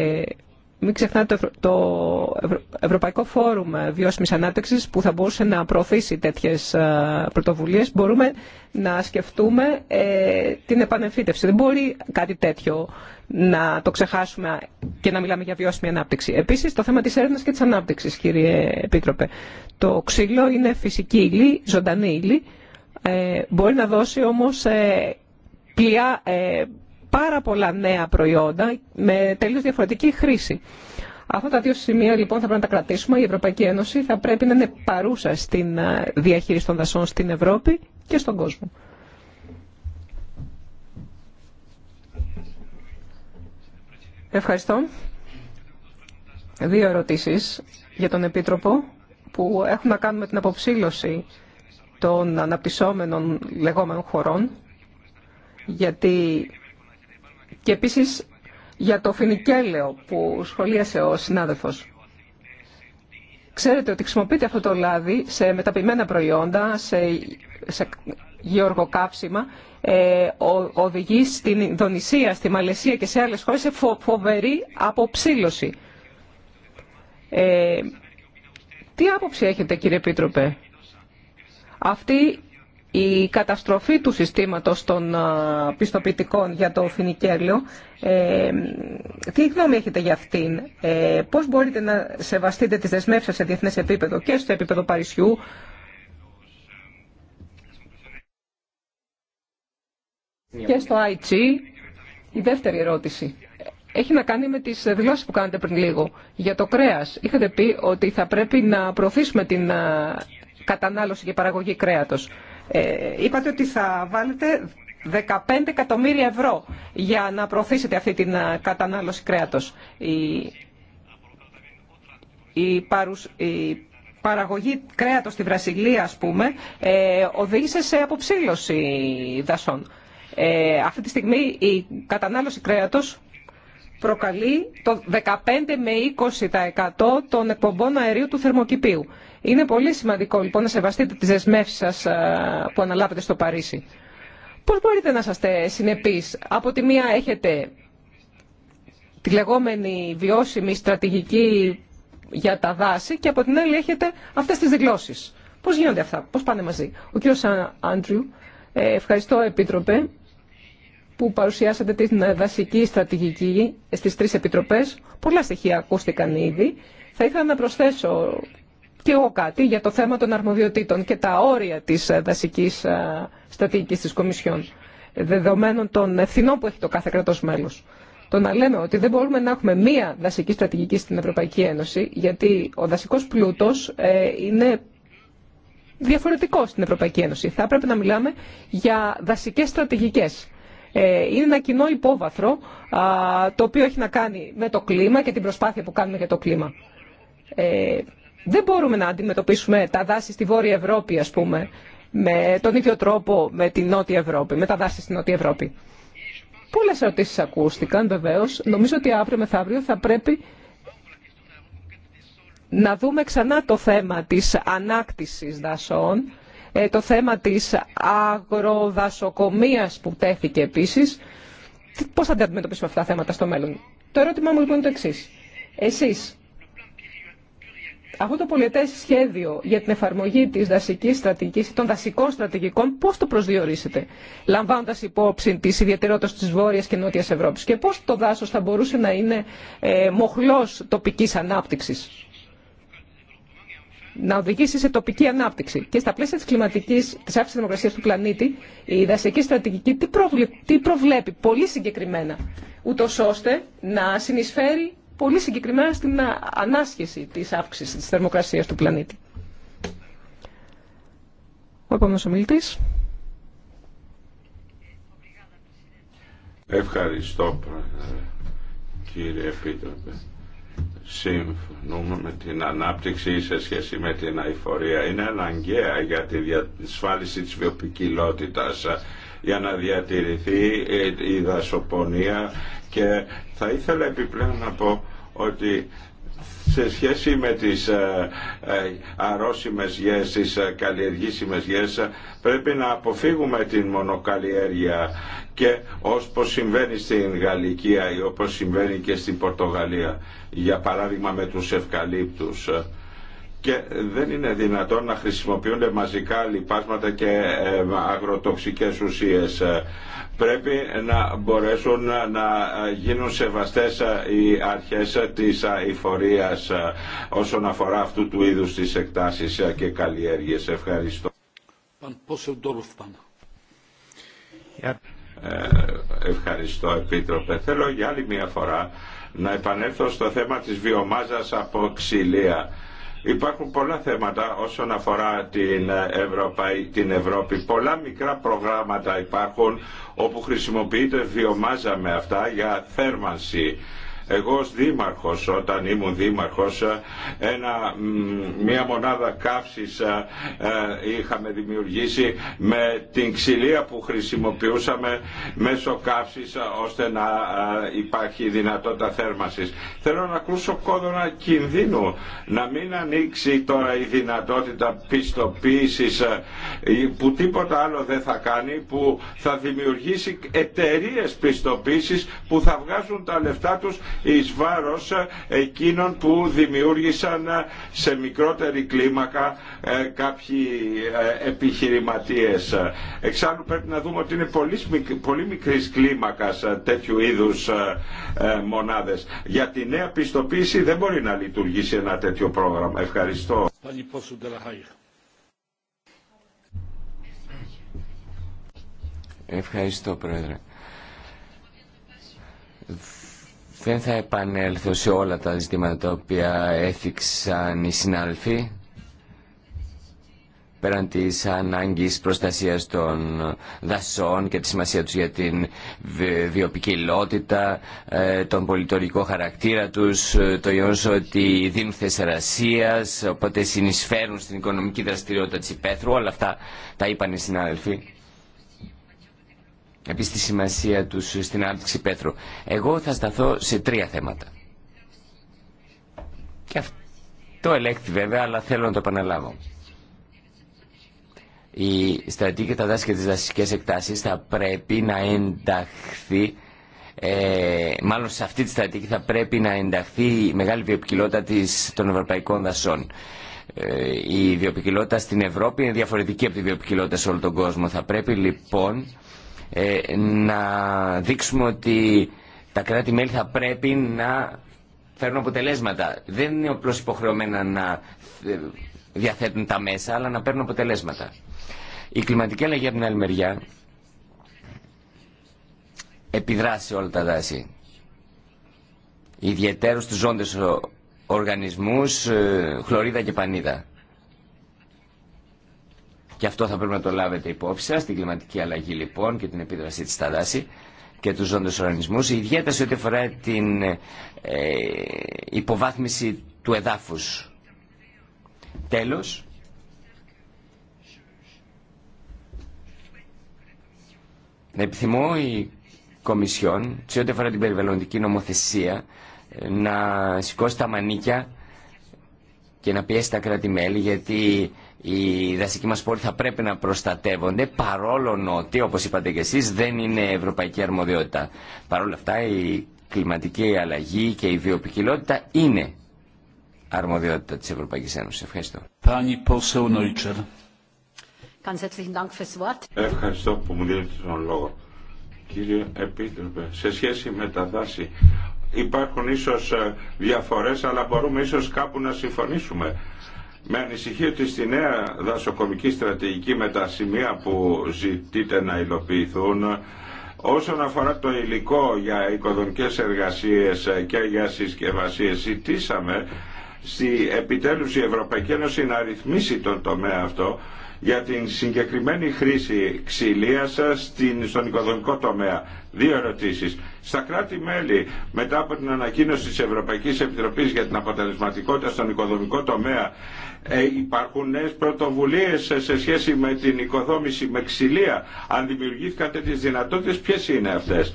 μην ξεχνάτε το Ευρωπαϊκό Φόρουμ Βιώσιμης Ανάπτυξης που θα μπορούσε να προωθήσει τέτοιες ε, πρωτοβουλίες. Μπορούμε να σκεφτούμε ε, την επανεμφύτευση. Δεν μπορεί κάτι τέτοιο να το ξεχάσουμε και να μιλάμε για βιώσιμη ανάπτυξη. Επίσης, το θέμα της έρευνας και της ανάπτυξης, κύριε Επίτροπε. Το ξύλο είναι φυσική ύλη, ζωντανή ύλη. Ε, μπορεί να δώσει όμως πλοία πάρα πολλά νέα προϊόντα με τελείως διαφορετική χρήση. Αυτά τα δύο σημεία λοιπόν θα πρέπει να τα κρατήσουμε. Η Ευρωπαϊκή Ένωση θα πρέπει να είναι παρούσα στην ε, διαχείριση των δασών στην Ευρώπη και στον κόσμο. Ευχαριστώ. Δύο ερωτήσεις για τον Επίτροπο που έχουν να κάνουν με την αποψήλωση των αναπτυσσόμενων λεγόμενων χωρών γιατί και επίσης για το φινικέλαιο που σχολίασε ο συνάδελφος. Ξέρετε ότι χρησιμοποιείται αυτό το λάδι σε μεταποιημένα προϊόντα, σε, σε γεωργοκάψιμα, ε, ο, οδηγεί στην Ινδονησία, στη Μαλαισία και σε άλλες χώρες σε φο, φοβερή αποψήλωση. Ε, τι άποψη έχετε κύριε πίτροπε. Αυτή η καταστροφή του συστήματος των πιστοποιητικών για το φινικέλιο. ε, τι γνώμη έχετε για αυτήν, ε, πώς μπορείτε να σεβαστείτε τις δεσμεύσεις σε διεθνές επίπεδο και στο επίπεδο Παρισιού, και στο IG. Η δεύτερη ερώτηση έχει να κάνει με τις δηλώσεις που κάνετε πριν λίγο. Για το κρέας, είχατε πει ότι θα πρέπει να προωθήσουμε την κατανάλωση και παραγωγή κρέατος. Ε, είπατε ότι θα βάλετε 15 εκατομμύρια ευρώ για να προωθήσετε αυτή την ε, κατανάλωση κρέατος. Η, παραγωγή κρέατος στη Βρασιλία, ας πούμε, ε, οδήγησε σε αποψήλωση δασών. Ε, αυτή τη στιγμή η κατανάλωση κρέατος προκαλεί το 15 με 20% των εκπομπών αερίου του θερμοκηπίου. Είναι πολύ σημαντικό λοιπόν να σεβαστείτε τις δεσμεύσεις σας ε, που αναλάβετε στο Παρίσι. Πώς μπορείτε να είστε συνεπείς. Από τη μία έχετε τη λεγόμενη βιώσιμη στρατηγική για τα δάση και από την άλλη έχετε αυτές τις δηλώσεις. Πώς γίνονται αυτά, πώς πάνε μαζί. Ο κύριος Άντριου, ε, ευχαριστώ Επίτροπε που παρουσιάσατε την δασική στρατηγική στις τρεις επιτροπές. Πολλά στοιχεία ακούστηκαν ήδη. Θα ήθελα να προσθέσω και εγώ κάτι για το θέμα των αρμοδιοτήτων και τα όρια της δασικής στρατηγικής της Κομισιόν, δεδομένων των ευθυνών που έχει το κάθε κρατός μέλος. Το να λέμε ότι δεν μπορούμε να έχουμε μία δασική στρατηγική στην Ευρωπαϊκή Ένωση, γιατί ο δασικός πλούτος ε, είναι διαφορετικό στην Ευρωπαϊκή Ένωση. Θα έπρεπε να μιλάμε για δασικές στρατηγικές ε, είναι ένα κοινό υπόβαθρο το οποίο έχει να κάνει με το κλίμα και την προσπάθεια που κάνουμε για το κλίμα. Ε, δεν μπορούμε να αντιμετωπίσουμε τα δάση στη Βόρεια Ευρώπη, ας πούμε, με τον ίδιο τρόπο με την Νότια Ευρώπη, με τα δάση στη Νότια Ευρώπη. Πολλέ ερωτήσει ακούστηκαν βεβαίω. Νομίζω ότι αύριο μεθαύριο θα πρέπει να δούμε ξανά το θέμα της ανάκτησης δασών ε, το θέμα της αγροδασοκομείας που τέθηκε επίσης. Πώς θα αντιμετωπίσουμε αυτά τα θέματα στο μέλλον. Το ερώτημά μου λοιπόν είναι το εξή. Εσείς, αυτό το πολιετές σχέδιο για την εφαρμογή της δασικής στρατηγικής, των δασικών στρατηγικών, πώς το προσδιορίσετε, λαμβάνοντας υπόψη της ιδιαιτερότητας της Βόρειας και Νότιας Ευρώπης και πώς το δάσος θα μπορούσε να είναι ε, μοχλός τοπικής ανάπτυξης να οδηγήσει σε τοπική ανάπτυξη. Και στα πλαίσια της κλιματικής, τη άφηση δημοκρασία του πλανήτη, η δασική στρατηγική τι, προβλέπει, τι προβλέπει πολύ συγκεκριμένα, ούτω ώστε να συνεισφέρει πολύ συγκεκριμένα στην ανάσχεση της αύξηση της θερμοκρασίας του πλανήτη. Ο επόμενο ομιλητή. Ευχαριστώ, κύριε Επίτροπε συμφωνούμε με την ανάπτυξη σε σχέση με την αηφορία. Είναι αναγκαία για τη διασφάλιση της βιοπικιλότητας ε, για να διατηρηθεί ε, η δασοπονία και θα ήθελα επιπλέον να πω ότι σε σχέση με τις ε, ε, αρρώσιμες γιές, τις ε, καλλιεργήσιμες γιές, πρέπει να αποφύγουμε την μονοκαλλιέργεια και όπως συμβαίνει στην Γαλλικία ή όπως συμβαίνει και στην Πορτογαλία, για παράδειγμα με τους ευκαλύπτους και δεν είναι δυνατόν να χρησιμοποιούνται μαζικά λιπάσματα και ε, αγροτοξικές ουσίες. Πρέπει να μπορέσουν να γίνουν σεβαστές ε, οι αρχές της αηφορίας ε, όσον αφορά αυτού του είδους τις εκτάσεις και καλλιέργειες. Ευχαριστώ. Ευχαριστώ Επίτροπε. Θέλω για άλλη μια φορά να επανέλθω στο θέμα της βιομάζας από ξυλία Υπάρχουν πολλά θέματα όσον αφορά την, την Ευρώπη. Πολλά μικρά προγράμματα υπάρχουν όπου χρησιμοποιείται βιομάζα με αυτά για θέρμανση εγώ ως δήμαρχος όταν ήμουν δήμαρχος ε, ένα, μια μονάδα καύσης ε, ε, είχαμε δημιουργήσει με την ξυλία που χρησιμοποιούσαμε μέσω καύσης ώστε να υπάρχει δυνατότητα θέρμανσης. Θέλω να ακούσω κόδωνα κινδύνου να μην ανοίξει τώρα η δυνατότητα πιστοποίησης που τίποτα άλλο δεν θα κάνει που θα δημιουργήσει εταιρείε πιστοποίησης που θα βγάζουν τα λεφτά τους εις βάρος ε, εκείνων που δημιούργησαν ε, σε μικρότερη κλίμακα ε, κάποιοι επιχειρηματίες. Εξάλλου πρέπει να δούμε ότι είναι πολύ, μικρής κλίμακας τέτοιου είδους μονάδες. Για τη νέα πιστοποίηση δεν μπορεί να λειτουργήσει ένα τέτοιο πρόγραμμα. Ευχαριστώ. Ευχαριστώ, Πρόεδρε. Δεν θα επανέλθω σε όλα τα ζητήματα τα οποία έθιξαν οι συνάλφοι πέραν της ανάγκης προστασίας των δασών και τη σημασία τους για την βιοπικιλότητα, ε, τον πολιτορικό χαρακτήρα τους, ε, το γεγονός ότι δίνουν θεσσαρασίας, οπότε συνεισφέρουν στην οικονομική δραστηριότητα της υπαίθρου, όλα αυτά τα είπαν οι συνάδελφοι. Επίση τη σημασία τους στην ανάπτυξη πέτρου. Εγώ θα σταθώ σε τρία θέματα. Και αυτό ελέγχθη βέβαια, αλλά θέλω να το επαναλάβω. Η στρατή και τα δάση τις δασικές εκτάσεις θα πρέπει να ενταχθεί ε, μάλλον σε αυτή τη στρατηγική θα πρέπει να ενταχθεί η μεγάλη βιοπικιλότητα της, των ευρωπαϊκών δασών. Ε, η βιοπικιλότητα στην Ευρώπη είναι διαφορετική από τη βιοπικιλότητα σε όλο τον κόσμο. Θα πρέπει λοιπόν ε, να δείξουμε ότι τα κράτη-μέλη θα πρέπει να φέρουν αποτελέσματα. Δεν είναι απλώ υποχρεωμένα να ε, διαθέτουν τα μέσα, αλλά να παίρνουν αποτελέσματα. Η κλιματική αλλαγή από την άλλη μεριά επιδράσει όλα τα δάση. Ιδιαιτέρως στους ζώντες οργανισμούς, ε, χλωρίδα και πανίδα. Και αυτό θα πρέπει να το λάβετε υπόψη σας, την κλιματική αλλαγή λοιπόν και την επίδρασή της στα δάση και τους ζώντες οργανισμούς, ιδιαίτερα σε ό,τι αφορά την ε, υποβάθμιση του εδάφους. Τέλος, να επιθυμώ η Κομισιόν, σε ό,τι αφορά την περιβαλλοντική νομοθεσία, να σηκώσει τα μανίκια και να πιέσει τα κράτη-μέλη, γιατί οι δασικοί μας πόροι θα πρέπει να προστατεύονται παρόλο ότι, όπως είπατε και εσείς, δεν είναι ευρωπαϊκή αρμοδιότητα. Παρ' όλα αυτά η κλιματική αλλαγή και η βιοποικιλότητα είναι αρμοδιότητα της Ευρωπαϊκής Ένωσης. Ευχαριστώ. Ευχαριστώ που μου δίνετε τον λόγο. Κύριε Επίτροπε, σε σχέση με τα δάση υπάρχουν ίσως ε, διαφορές αλλά μπορούμε ίσως κάπου να συμφωνήσουμε με ανησυχεί ότι στη νέα δασοκομική στρατηγική με τα σημεία που ζητείτε να υλοποιηθούν όσον αφορά το υλικό για οικοδομικές εργασίες και για συσκευασίες ζητήσαμε στη επιτέλους η Ευρωπαϊκή Ένωση να ρυθμίσει τον τομέα αυτό για την συγκεκριμένη χρήση ξυλία ε, σα στον οικοδομικό τομέα. Δύο ερωτήσεις. Στα κράτη-μέλη, μετά από την ανακοίνωση της Ευρωπαϊκής Επιτροπής για την αποτελεσματικότητα στον οικοδομικό τομέα, ε, υπάρχουν νέες πρωτοβουλίες ε, σε σχέση με την οικοδόμηση με ξυλία. Αν δημιουργήθηκαν τέτοιες δυνατότητες, ποιες είναι αυτές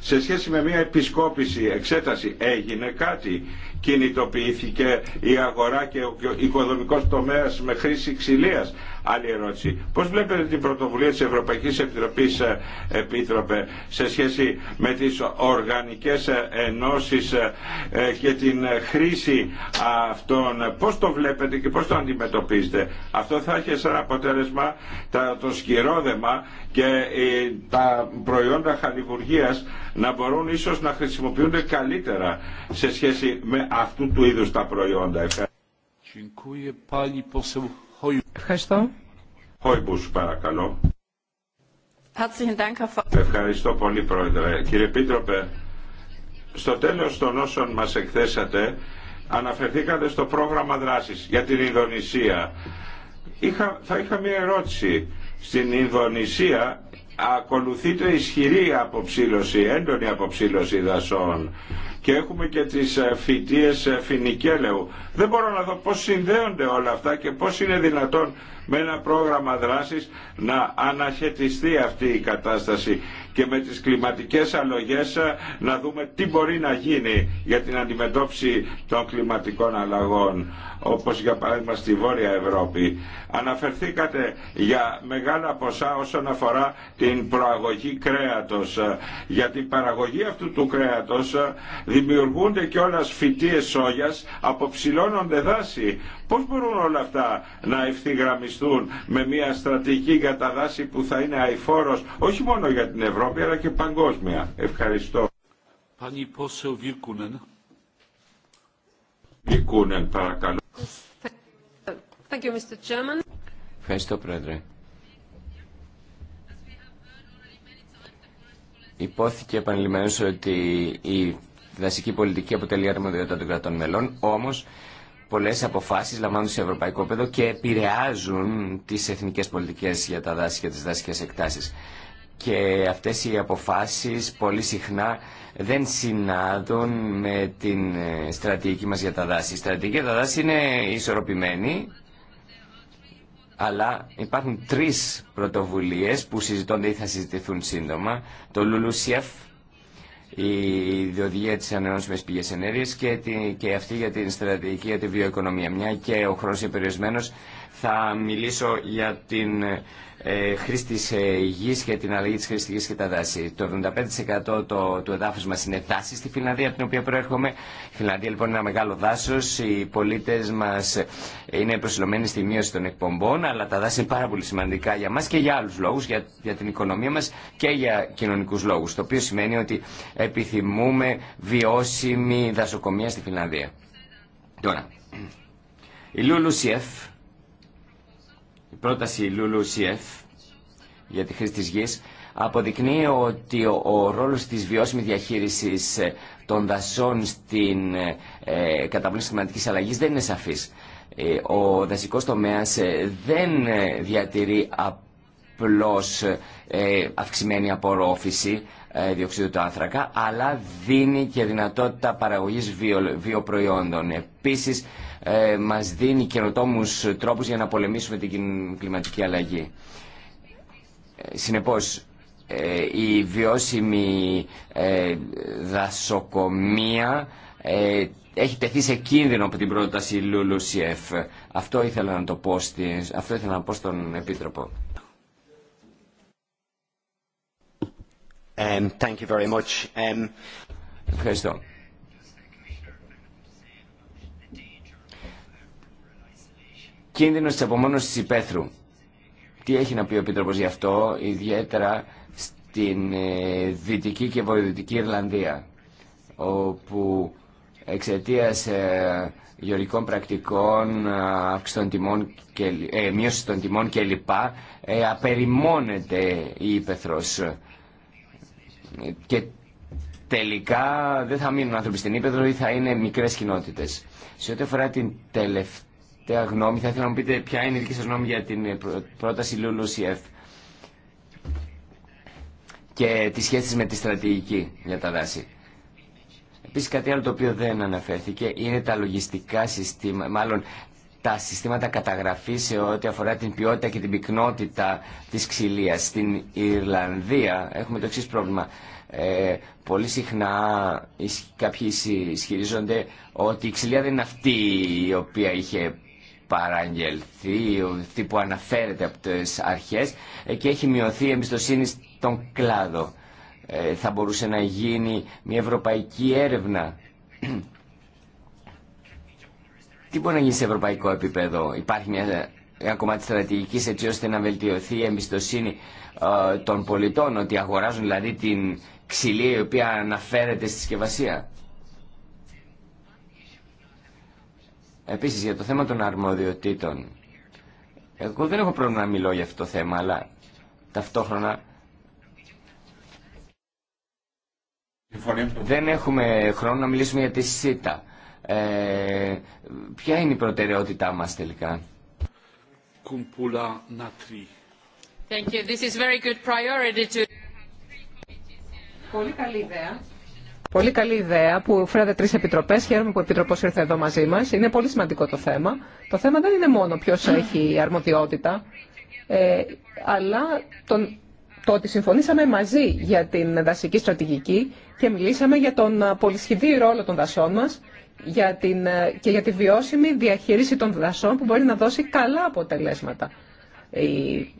σε σχέση με μια επισκόπηση, εξέταση, έγινε κάτι, κινητοποιήθηκε η αγορά και ο οικοδομικός τομέας με χρήση ξυλίας. Άλλη ερώτηση. Πώς βλέπετε την πρωτοβουλία της Ευρωπαϊκής Επιτροπής, ε, Επίτροπε, σε σχέση με τις οργανικές ε, ενώσεις ε, και την χρήση αυτών. Πώς το βλέπετε και πώς το αντιμετωπίζετε. Αυτό θα έχει σαν αποτέλεσμα το σκυρόδεμα και τα προϊόντα χαλιβουργία να μπορούν ίσως να χρησιμοποιούνται καλύτερα σε σχέση με αυτού του είδου τα προϊόντα. Ευχαριστώ. Ευχαριστώ πολύ, Πρόεδρε. Κύριε Πίτροπε, στο τέλος των όσων μας εκθέσατε, αναφερθήκατε στο πρόγραμμα δράσης για την Ινδονησία. Είχα, θα είχα μία ερώτηση. Στην Ινδονησία ακολουθείται ισχυρή αποψήλωση, έντονη αποψήλωση δασών και έχουμε και τις ε, φοιτίες ε, φοινικέλεου. Δεν μπορώ να δω πώς συνδέονται όλα αυτά και πώς είναι δυνατόν με ένα πρόγραμμα δράσης να αναχαιτιστεί αυτή η κατάσταση και με τις κλιματικές αλλογές ε, να δούμε τι μπορεί να γίνει για την αντιμετώπιση των κλιματικών αλλαγών όπως για παράδειγμα στη Βόρεια Ευρώπη. Αναφερθήκατε για μεγάλα ποσά όσον αφορά την προαγωγή κρέατος. Ε, για την παραγωγή αυτού του κρέατος ε, δημιουργούνται όλες φυτίες σόγιας, αποψηλώνονται δάση Πώς μπορούν όλα αυτά να ευθυγραμμιστούν με μια στρατηγική καταδάση που θα είναι αηφόρος όχι μόνο για την Ευρώπη αλλά και παγκόσμια. Ευχαριστώ. Ευχαριστώ, Πρόεδρε. Υπόθηκε επανειλημμένως ότι η δασική πολιτική αποτελεί αρμοδιότητα των κρατών μελών, όμως Πολλέ αποφάσεις λαμβάνουν σε ευρωπαϊκό πεδίο και επηρεάζουν τις εθνικές πολιτικές για τα δάση και τι δασικέ εκτάσεις. Και αυτές οι αποφάσεις πολύ συχνά δεν συνάδουν με την ε, στρατηγική μας για τα δάση. Η στρατηγική για τα δάση είναι ισορροπημένη, αλλά υπάρχουν τρεις πρωτοβουλίες που συζητώνται ή θα συζητηθούν σύντομα. Το Λουλουσιεφ, η διοδηγία της ανανεώσιμης πηγές ενέργειας και, και αυτή για την στρατηγική για τη βιοοικονομία. Μια και ο χρόνος είναι περιορισμένος, θα μιλήσω για την ε, χρήση της ε, γης και την αλλαγή της χρήσης της γης και τα δάση. Το 75% το, του εδάφους μας είναι δάση στη Φιλανδία, από την οποία προέρχομαι. Η Φιλανδία λοιπόν είναι ένα μεγάλο δάσος. Οι πολίτες μας ε, είναι προσιλωμένοι στη μείωση των εκπομπών, αλλά τα δάση είναι πάρα πολύ σημαντικά για μας και για άλλους λόγους, για, για την οικονομία μας και για κοινωνικούς λόγους. Το οποίο σημαίνει ότι επιθυμούμε βιώσιμη δασοκομεία στη Φιλανδία. Τώρα, η Λούλου πρόταση Λούλου Σιεφ για τη χρήση της γης αποδεικνύει ότι ο, ο ρόλος της βιώσιμης διαχείρισης ε, των δασών στην ε, καταβολή δεν είναι σαφής. Ε, ο δασικός τομέας ε, δεν διατηρεί απλώς αυξημένη απορρόφηση ε, διοξείδιο του άνθρακα, αλλά δίνει και δυνατότητα παραγωγής βιοπροϊόντων. Επίσης, ε, μας δίνει καινοτόμους τρόπους για να πολεμήσουμε την κλιματική αλλαγή. Ε, συνεπώς, η βιώσιμη ε, δασοκομεία έχει τεθεί σε κίνδυνο από την πρόταση Λουλουσιεφ. Αυτό ήθελα να το πω, αυτό ήθελα να πω στον Επίτροπο. Um, thank you very um, Ευχαριστώ. Κίνδυνο τη απομόνωση τη υπαίθρου. Τι έχει να πει ο Επίτροπο γι' αυτό, ιδιαίτερα στην ε, δυτική και βορειοδυτική Ιρλανδία, όπου εξαιτία ε, γεωργικών πρακτικών, των και, ε, μείωση των τιμών κλπ. Ε, ε απεριμώνεται η ύπεθρος και τελικά δεν θα μείνουν άνθρωποι στην Ήπεδρο ή θα είναι μικρές κοινότητες. Σε ό,τι αφορά την τελευταία γνώμη, θα ήθελα να μου πείτε ποια είναι η δική σας γνώμη για την ε, πρόταση Σιεφ και τη σχέση με τη στρατηγική για τα δάση. Επίσης κάτι άλλο το οποίο δεν αναφέρθηκε είναι τα λογιστικά συστήματα, μάλλον τα συστήματα καταγραφής σε ό,τι αφορά την ποιότητα και την πυκνότητα της ξυλίας. Στην Ιρλανδία έχουμε το εξή πρόβλημα. Ε, πολύ συχνά κάποιοι ισχυρίζονται ότι η ξυλία δεν είναι αυτή η οποία είχε παραγγελθεί, αυτή που αναφέρεται από τις αρχές ε, και έχει μειωθεί η εμπιστοσύνη στον κλάδο. Ε, θα μπορούσε να γίνει μια ευρωπαϊκή έρευνα τι μπορεί να γίνει σε ευρωπαϊκό επίπεδο. Υπάρχει μια, ε, ένα κομμάτι στρατηγική έτσι ώστε να βελτιωθεί η εμπιστοσύνη ε, των πολιτών ότι αγοράζουν δηλαδή την ξυλία η οποία αναφέρεται στη συσκευασία. Επίσης για το θέμα των αρμοδιοτήτων. Εγώ δεν έχω πρόβλημα να μιλώ για αυτό το θέμα, αλλά ταυτόχρονα δεν έχουμε χρόνο να μιλήσουμε για τη ΣΥΤΑ. Ε, ποια είναι η προτεραιότητά μας τελικά. Thank you. This is very good priority Πολύ καλή ιδέα. Πολύ καλή ιδέα που φέρατε τρει επιτροπέ. Χαίρομαι που ο Επιτροπό ήρθε εδώ μαζί μα. Είναι πολύ σημαντικό το θέμα. Το θέμα δεν είναι μόνο ποιο έχει αρμοδιότητα, ε, αλλά τον, το ότι συμφωνήσαμε μαζί για την δασική στρατηγική και μιλήσαμε για τον ε, πολυσχηδή ρόλο των δασών μας για την, ε, και για τη βιώσιμη διαχείριση των δασών που μπορεί να δώσει καλά αποτελέσματα. Η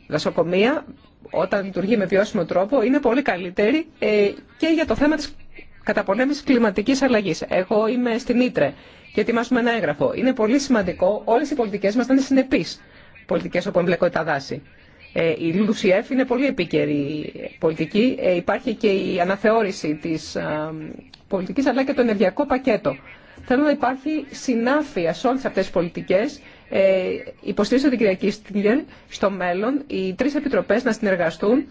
δασοκομεία όταν λειτουργεί με βιώσιμο τρόπο είναι πολύ καλύτερη ε, και για το θέμα της καταπολέμησης κλιματικής αλλαγής. Εγώ είμαι στην Ήτρε και ετοιμάζουμε ένα έγγραφο. Είναι πολύ σημαντικό όλες οι πολιτικές μας να είναι συνεπείς πολιτικές όπου εμπλεκόνται τα δάση. Ε, η Λουσιέφ είναι πολύ επίκαιρη πολιτική. Υπάρχει και η αναθεώρηση της πολιτικής αλλά και το ενεργειακό πακέτο Θέλω να υπάρχει συνάφεια σε όλε αυτέ τι πολιτικέ. Ε, την Κυριακή Στήλιαν στο μέλλον οι τρει επιτροπές να συνεργαστούν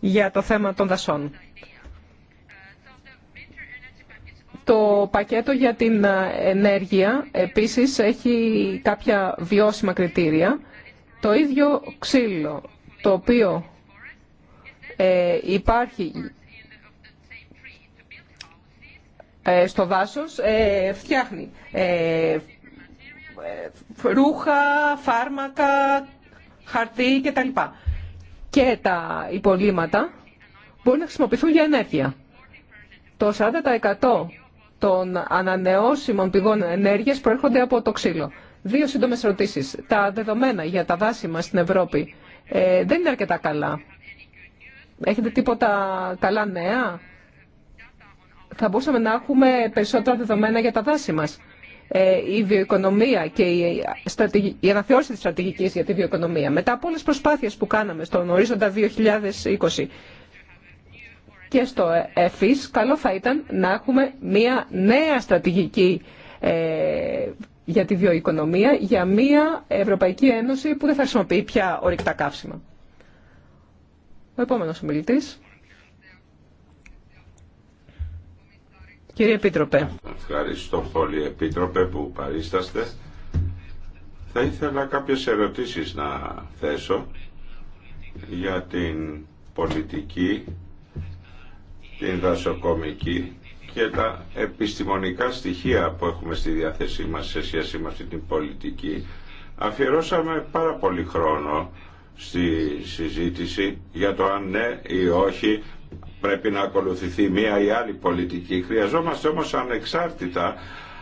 για το θέμα των δασών. Το πακέτο για την ενέργεια επίσης έχει κάποια βιώσιμα κριτήρια. Το ίδιο ξύλο το οποίο ε, υπάρχει ε, στο δάσος ε, φτιάχνει ε, ρούχα, φάρμακα, χαρτί κτλ. Και τα υπολείμματα μπορούν να χρησιμοποιηθούν για ενέργεια. Το 40% των ανανεώσιμων πηγών ενέργειας προέρχονται από το ξύλο. Δύο σύντομες ερωτήσει. Τα δεδομένα για τα δάση μας στην Ευρώπη δεν είναι αρκετά καλά. Έχετε τίποτα καλά νέα θα μπορούσαμε να έχουμε περισσότερα δεδομένα για τα δάση μας. Ε, η βιοοικονομία και η, στρατηγική, η αναθεώρηση της στρατηγικής για τη βιοοικονομία. Μετά από όλες τις προσπάθειες που κάναμε στον ορίζοντα 2020 και στο ΕΦΙΣ, καλό θα ήταν να έχουμε μια νέα στρατηγική ε, για τη βιοοικονομία, για μια Ευρωπαϊκή Ένωση που δεν θα χρησιμοποιεί πια ορυκτά καύσιμα. Ο επόμενος ομιλητής. Κύριε Επίτροπε. Ευχαριστώ πολύ Επίτροπε που παρίσταστε. Θα ήθελα κάποιες ερωτήσεις να θέσω για την πολιτική, την δασοκομική και τα επιστημονικά στοιχεία που έχουμε στη διάθεσή μας σε σχέση με αυτή την πολιτική. Αφιερώσαμε πάρα πολύ χρόνο στη συζήτηση για το αν ναι ή όχι πρέπει να ακολουθηθεί μία ή άλλη πολιτική. Χρειαζόμαστε όμως ανεξάρτητα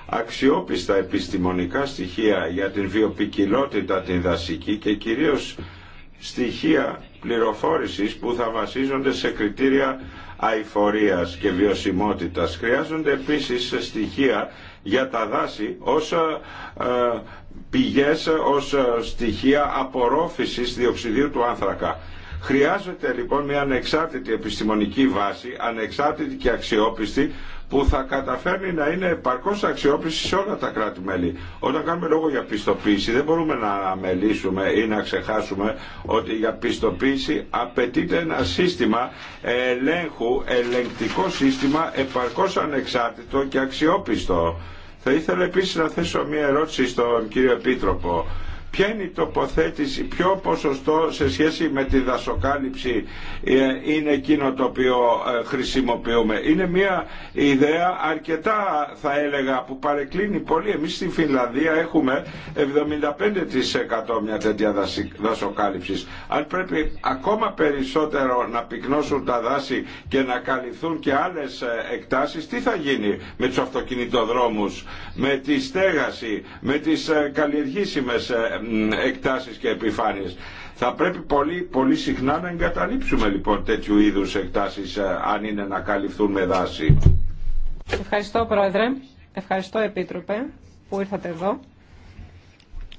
αξιόπιστα επιστημονικά στοιχεία για την βιοπικιλότητα την δασική και κυρίως στοιχεία πληροφόρησης που θα βασίζονται σε κριτήρια αηφορίας και βιωσιμότητας. Χρειάζονται επίσης στοιχεία για τα δάση ως ε, ε, πηγές, ως ε, στοιχεία απορρόφησης διοξιδίου του άνθρακα. Χρειάζεται λοιπόν μια ανεξάρτητη επιστημονική βάση, ανεξάρτητη και αξιόπιστη, που θα καταφέρνει να είναι επαρκώ αξιόπιστη σε όλα τα κράτη-μέλη. Όταν κάνουμε λόγο για πιστοποίηση, δεν μπορούμε να αμελήσουμε ή να ξεχάσουμε ότι για πιστοποίηση απαιτείται ένα σύστημα ελέγχου, ελεγκτικό σύστημα επαρκώ ανεξάρτητο και αξιόπιστο. Θα ήθελα επίση να θέσω μια ερώτηση στον κύριο Επίτροπο Ποια είναι η τοποθέτηση, ποιο ποσοστό σε σχέση με τη δασοκάλυψη ε, είναι εκείνο το οποίο ε, χρησιμοποιούμε. Είναι μια ιδέα αρκετά θα έλεγα που παρεκκλίνει πολύ. Εμείς στην Φινλανδία έχουμε 75% μια τέτοια δασοκάλυψη. Αν πρέπει ακόμα περισσότερο να πυκνώσουν τα δάση και να καλυφθούν και άλλες ε, εκτάσεις, τι θα γίνει με τους αυτοκινητοδρόμους, με τη στέγαση, με τις καλλιεργήσιμες εκτάσεις και επιφάνειες. Θα πρέπει πολύ, πολύ συχνά να εγκαταλείψουμε λοιπόν τέτοιου είδους εκτάσεις ε, αν είναι να καλυφθούν με δάση. Ευχαριστώ Πρόεδρε, ευχαριστώ Επίτροπε που ήρθατε εδώ.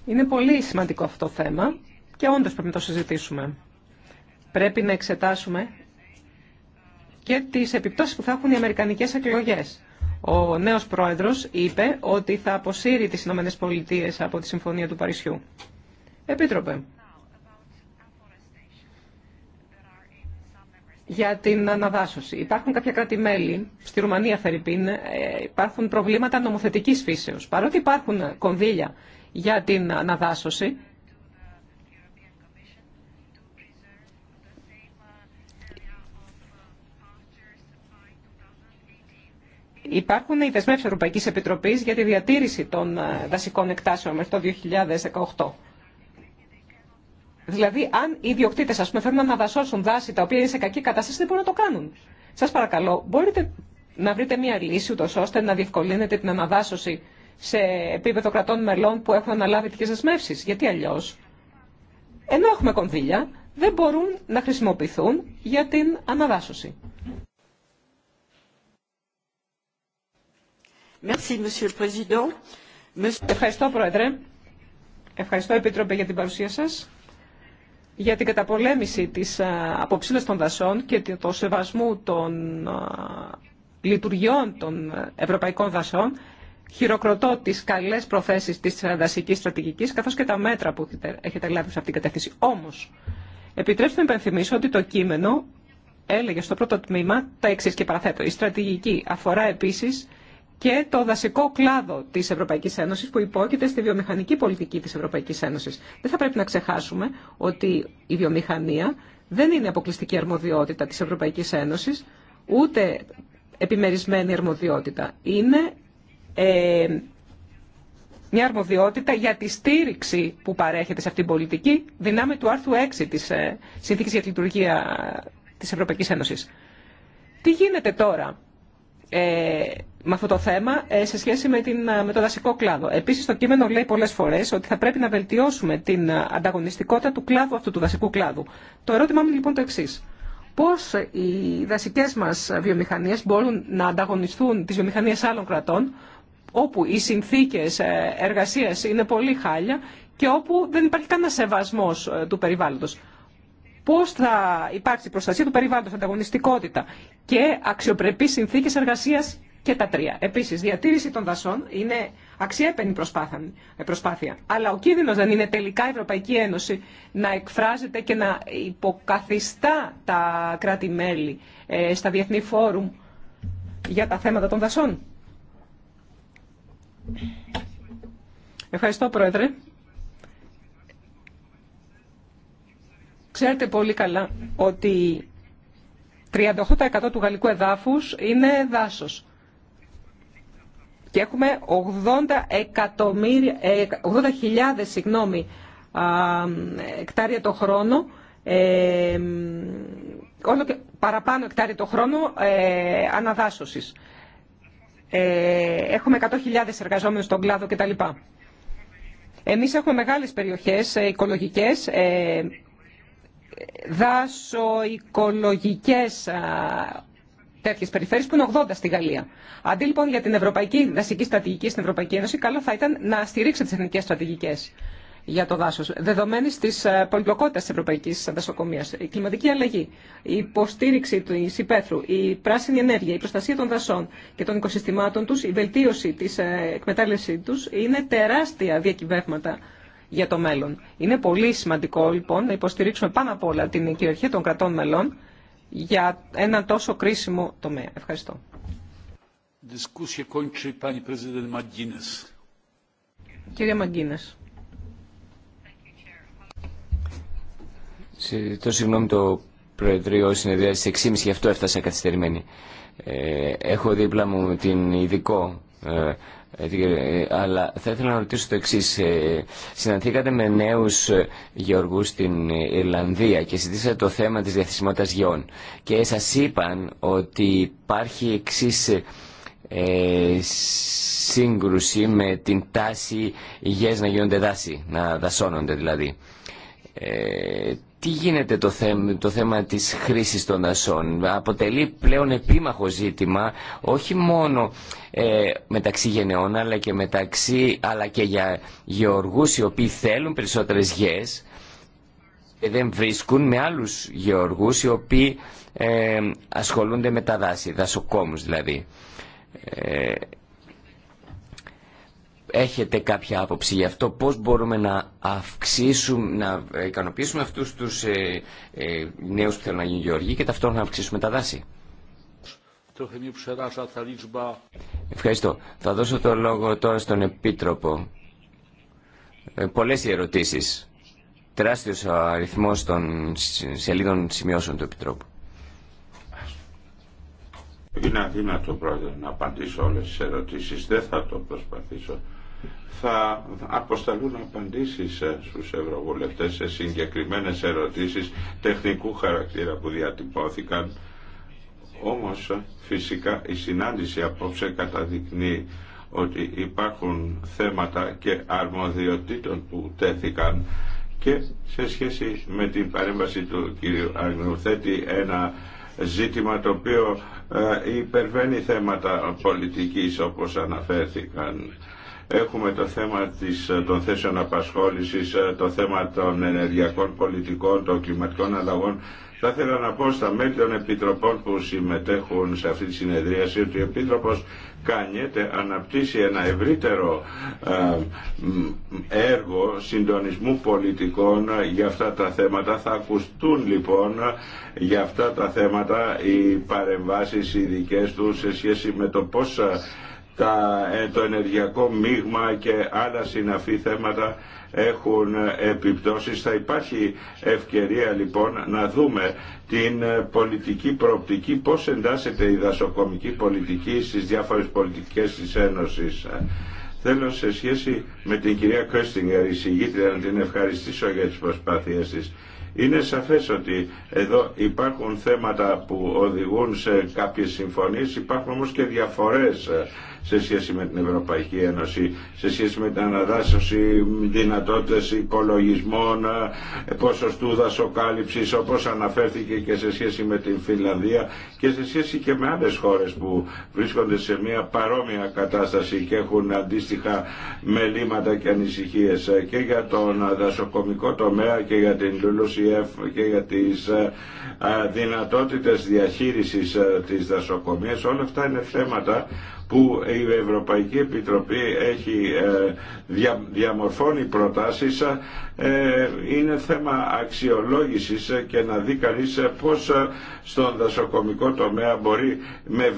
Είναι πολύ σημαντικό αυτό το θέμα και όντως πρέπει να το συζητήσουμε. Πρέπει να εξετάσουμε και τις επιπτώσεις που θα έχουν οι αμερικανικές εκλογές. Ο νέος πρόεδρος είπε ότι θα αποσύρει τις Ηνωμένες από τη Συμφωνία του Παρισιού. Επίτροπε. Για την αναδάσωση. Υπάρχουν κάποια κράτη-μέλη, στη Ρουμανία Φερρυπίν, ε, υπάρχουν προβλήματα νομοθετικής φύσεως. Παρότι υπάρχουν κονδύλια για την αναδάσωση, Υπάρχουν οι δεσμεύσει Ευρωπαϊκή Επιτροπή για τη διατήρηση των ε, δασικών εκτάσεων μέχρι το 2018. Δηλαδή, αν οι ιδιοκτήτε, α πούμε, θέλουν να δασώσουν δάση τα οποία είναι σε κακή κατάσταση, δεν μπορούν να το κάνουν. Σα παρακαλώ, μπορείτε να βρείτε μια λύση, ούτω ώστε να διευκολύνετε την αναδάσωση σε επίπεδο κρατών μελών που έχουν αναλάβει τι δεσμεύσει. Γιατί αλλιώ, ενώ έχουμε κονδύλια, δεν μπορούν να χρησιμοποιηθούν για την αναδάσωση. Ευχαριστώ, Πρόεδρε. Ευχαριστώ, Επίτροπε, για την παρουσία σας, για την καταπολέμηση της αποψήλωσης των δασών και το σεβασμό των λειτουργιών των ευρωπαϊκών δασών. Χειροκροτώ τις καλές προθέσεις της δασικής στρατηγικής, καθώς και τα μέτρα που έχετε λάβει σε αυτήν την κατεύθυνση. Όμως, επιτρέψτε να υπενθυμίσω ότι το κείμενο έλεγε στο πρώτο τμήμα τα εξής και παραθέτω. Η στρατηγική αφορά επίσης και το δασικό κλάδο της Ευρωπαϊκής Ένωσης που υπόκειται στη βιομηχανική πολιτική της Ευρωπαϊκής Ένωσης. Δεν θα πρέπει να ξεχάσουμε ότι η βιομηχανία δεν είναι αποκλειστική αρμοδιότητα της Ευρωπαϊκής Ένωσης, ούτε επιμερισμένη αρμοδιότητα. Είναι ε, μια αρμοδιότητα για τη στήριξη που παρέχεται σε αυτήν την πολιτική δυνάμει του άρθρου 6 της ε, Συνθήκης για τη Λειτουργία της Ευρωπαϊκής Ένωσης. Τι γίνεται τώρα. Ε, με αυτό το θέμα ε, σε σχέση με, την, ε, με το δασικό κλάδο. Επίσης το κείμενο λέει πολλές φορές ότι θα πρέπει να βελτιώσουμε την ε, ανταγωνιστικότητα του κλάδου αυτού, του δασικού κλάδου. Το ερώτημά μου λοιπόν το εξή. Πώς οι δασικές μας βιομηχανίες μπορούν να ανταγωνιστούν τις βιομηχανίες άλλων κρατών όπου οι συνθήκες εργασίας είναι πολύ χάλια και όπου δεν υπάρχει κανένα σεβασμός του περιβάλλοντος πώ θα υπάρξει προστασία του περιβάλλοντο, ανταγωνιστικότητα και αξιοπρεπεί συνθήκε εργασία και τα τρία. Επίση, διατήρηση των δασών είναι αξιέπαινη προσπάθεια. Αλλά ο κίνδυνο δεν είναι τελικά η Ευρωπαϊκή Ένωση να εκφράζεται και να υποκαθιστά τα κράτη-μέλη ε, στα διεθνή φόρουμ για τα θέματα των δασών. Ευχαριστώ, Πρόεδρε. Ξέρετε πολύ καλά ότι 38% του γαλλικού εδάφους είναι δάσος. Και έχουμε 80 80.000 ε, συγγνώμη, εκτάρια το χρόνο, ε, όλο παραπάνω εκτάρια το χρόνο ε, αναδάσωσης. Ε, έχουμε 100.000 εργαζόμενους στον κλάδο κτλ. Εμείς έχουμε μεγάλες περιοχές ε, οικολογικές, ε, δάσο, οικολογικές τέτοιε περιφέρειε που είναι 80 στη Γαλλία. Αντί λοιπόν για την ευρωπαϊκή δασική στρατηγική στην Ευρωπαϊκή Ένωση, καλό θα ήταν να στηρίξει τι εθνικέ στρατηγικέ για το δάσο. Δεδομένη τη ε, πολυπλοκότητα τη ευρωπαϊκή δασοκομεία, η κλιματική αλλαγή, η υποστήριξη του υπαίθρου, η πράσινη ενέργεια, η προστασία των δασών και των οικοσυστημάτων του, η βελτίωση τη ε, εκμετάλλευσή του είναι τεράστια διακυβεύματα για το μέλλον. Είναι πολύ σημαντικό λοιπόν να υποστηρίξουμε πάνω απ' όλα την κυριαρχία των κρατών μελών για ένα τόσο κρίσιμο τομέα. Ευχαριστώ. Κύριε Μαγκίνες. Το συγγνώμη το Προεδρείο συνεδρίασε 6.30 γι' αυτό έφτασα καθυστερημένη. Ε, έχω δίπλα μου την ειδικό ε, ε, ε, αλλά θα ήθελα να ρωτήσω το εξή. Ε, Συναντήκατε με νέου γεωργού στην Ιρλανδία και συζητήσατε το θέμα τη διαθεσιμότητα γεών. Και σα είπαν ότι υπάρχει εξή σύγκρουση με την τάση οι να γίνονται δάση, να δασώνονται δηλαδή τι γίνεται το θέμα, το θέμα της χρήσης των δασών. Αποτελεί πλέον επίμαχο ζήτημα όχι μόνο ε, μεταξύ γενεών αλλά και, μεταξύ, αλλά και για γεωργούς οι οποίοι θέλουν περισσότερες γιες και δεν βρίσκουν με άλλους γεωργούς οι οποίοι ε, ασχολούνται με τα δάση, δασοκόμους δηλαδή. Ε, έχετε κάποια άποψη γι' αυτό, πώς μπορούμε να αυξήσουμε, να ικανοποιήσουμε αυτούς τους ε, ε νέους που θέλουν να γίνουν γεωργοί και ταυτόχρονα να αυξήσουμε τα δάση. Ευχαριστώ. Θα δώσω το λόγο τώρα στον Επίτροπο. Ε, πολλές οι ερωτήσεις. Τεράστιος ο αριθμός των σελίδων σημειώσεων του Επιτρόπου. Είναι αδύνατο πρόεδρε να απαντήσω όλες τις ερωτήσεις. Δεν θα το προσπαθήσω θα αποσταλούν απαντήσεις ε, στους ευρωβουλευτές σε συγκεκριμένες ερωτήσεις τεχνικού χαρακτήρα που διατυπώθηκαν. Όμως φυσικά η συνάντηση απόψε καταδεικνύει ότι υπάρχουν θέματα και αρμοδιοτήτων που τέθηκαν και σε σχέση με την παρέμβαση του κ. θέτει ένα ζήτημα το οποίο ε, υπερβαίνει θέματα πολιτικής όπως αναφέρθηκαν Έχουμε το θέμα της, των θέσεων απασχόλησης, το θέμα των ενεργειακών πολιτικών, των κλιματικών αλλαγών. Θα ήθελα να πω στα μέλη των επιτροπών που συμμετέχουν σε αυτή τη συνεδρίαση ότι ο Επίτροπος αναπτύσσει ένα ευρύτερο ε, έργο συντονισμού πολιτικών για αυτά τα θέματα. Θα ακουστούν λοιπόν για αυτά τα θέματα οι παρεμβάσεις ειδικέ του σε σχέση με το πώς ε, ε, το ενεργειακό μείγμα και άλλα συναφή θέματα έχουν ε, επιπτώσεις. Θα υπάρχει ευκαιρία λοιπόν να δούμε την ε, πολιτική προοπτική, πώς εντάσσεται η δασοκομική πολιτική στις διάφορες πολιτικές της Ένωσης. Θέλω σε σχέση με την κυρία Κρέστιγκερ, η να την ευχαριστήσω για τις προσπάθειές της. Είναι σαφές ότι εδώ υπάρχουν θέματα που οδηγούν σε κάποιες συμφωνίες, υπάρχουν όμως και διαφορές σε σχέση με την Ευρωπαϊκή Ένωση, σε σχέση με την αναδάσωση δυνατότητες υπολογισμών, ποσοστού δασοκάλυψης όπως αναφέρθηκε και σε σχέση με την Φιλανδία και σε σχέση και με άλλες χώρες που βρίσκονται σε μια παρόμοια κατάσταση και έχουν αντίστοιχα μελήματα και ανησυχίες και για τον δασοκομικό τομέα και για την LULUCF και για τις ε, ε, δυνατότητες διαχείρισης ε, της δασοκομείας. Όλα αυτά είναι θέματα που η Ευρωπαϊκή Επιτροπή έχει ε, δια, διαμορφώνει προτάσεις ε, είναι θέμα αξιολόγησης ε, και να δει κανείς πώς στον δασοκομικό τομέα μπορεί με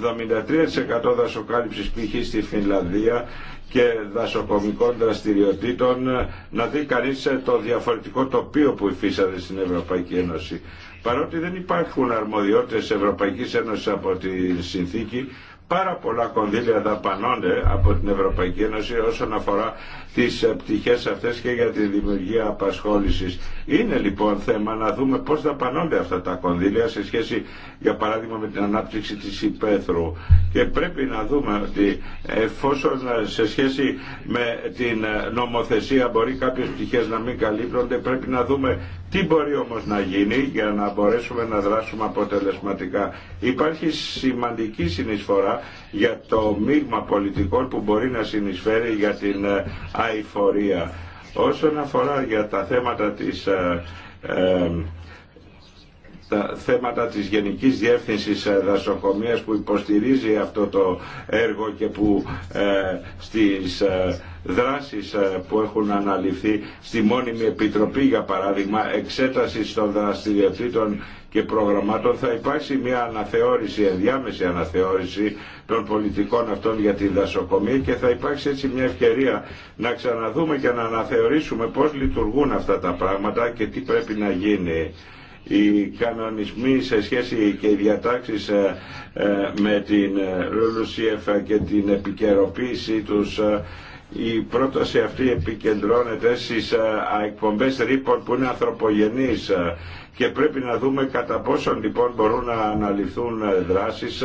73% δασοκάλυψης π.χ. στη Φινλανδία και δασοκομικών δραστηριοτήτων να δει κανείς το διαφορετικό τοπίο που υφίσανε στην Ευρωπαϊκή Ένωση. Παρότι δεν υπάρχουν αρμοδιότητες Ευρωπαϊκής Ένωσης από τη συνθήκη, πάρα πολλά κονδύλια δαπανώνται από την Ευρωπαϊκή Ένωση όσον αφορά τις ε, πτυχές αυτές και για τη δημιουργία απασχόλησης. Είναι λοιπόν θέμα να δούμε πώς δαπανώνται αυτά τα κονδύλια σε σχέση για παράδειγμα με την ανάπτυξη της υπαίθρου και πρέπει να δούμε ότι εφόσον ε, σε σχέση με την ε, νομοθεσία μπορεί κάποιες πτυχές να μην καλύπτονται πρέπει να δούμε τι μπορεί όμως να γίνει για να μπορέσουμε να δράσουμε αποτελεσματικά. Υπάρχει σημαντική συνεισφορά για το μείγμα πολιτικών που μπορεί να συνεισφέρει για την ε, αηφορία. Όσον αφορά για τα θέματα της ε, ε, τα θέματα της Γενικής Διεύθυνσης Δασοκομείας που υποστηρίζει αυτό το έργο και που στις δράσεις ε, που έχουν αναλυφθεί στη μόνιμη επιτροπή για παράδειγμα εξέτασης των δραστηριοτήτων και προγραμμάτων θα υπάρξει μια αναθεώρηση, ενδιάμεση αναθεώρηση των πολιτικών αυτών για τη δασοκομεία και θα υπάρξει έτσι μια ευκαιρία να ξαναδούμε και να αναθεωρήσουμε πώς λειτουργούν αυτά τα πράγματα και τι πρέπει να γίνει οι κανονισμοί σε σχέση και οι διατάξεις ε, ε, με την Ρουλουσίεφα και την επικαιροποίησή τους η πρόταση αυτή επικεντρώνεται στις ε, εκπομπές ρήπων που είναι ανθρωπογενείς ε, και πρέπει να δούμε κατά πόσον λοιπόν μπορούν να αναλυθούν ε, δράσεις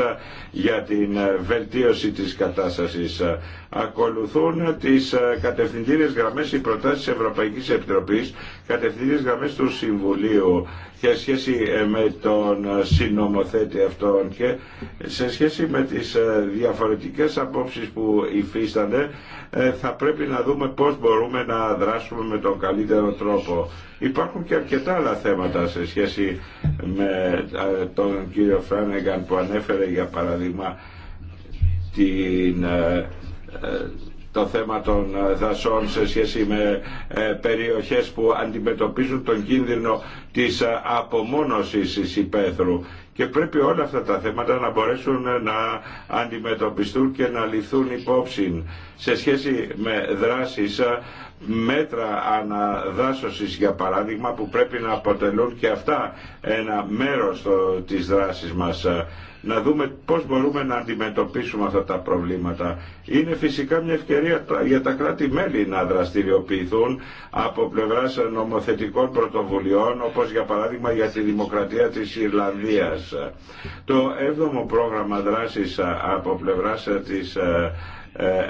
για την βελτίωση της κατάστασης ακολουθούν τις ε, κατευθυντήριες γραμμές οι προτάσεις της Ευρωπαϊκής Επιτροπής, κατευθυντήριες γραμμές του Συμβουλίου και σε σχέση ε, με τον ε, συνομοθέτη αυτόν και σε σχέση με τις διαφορετικές απόψεις που υφίστανται θα πρέπει να δούμε πώς μπορούμε να δράσουμε με τον καλύτερο τρόπο. Υπάρχουν και αρκετά άλλα θέματα σε σχέση με τον κύριο Φράνεγκαν που ανέφερε για παράδειγμα την το θέμα των ε, δασών σε σχέση με ε, περιοχές που αντιμετωπίζουν τον κίνδυνο της ε, απομόνωσης της υπαίθρου. Και πρέπει όλα αυτά τα θέματα να μπορέσουν να αντιμετωπιστούν και να ληφθούν υπόψη σε σχέση με δράσεις μέτρα αναδάσωσης για παράδειγμα που πρέπει να αποτελούν και αυτά ένα μέρος της δράσης μας να δούμε πώς μπορούμε να αντιμετωπίσουμε αυτά τα προβλήματα. Είναι φυσικά μια ευκαιρία για τα κράτη-μέλη να δραστηριοποιηθούν από πλευράς νομοθετικών πρωτοβουλειών, όπως για παράδειγμα για τη δημοκρατία της Ιρλανδίας. Το 7ο πρόγραμμα δράσης από πλευράς της ε,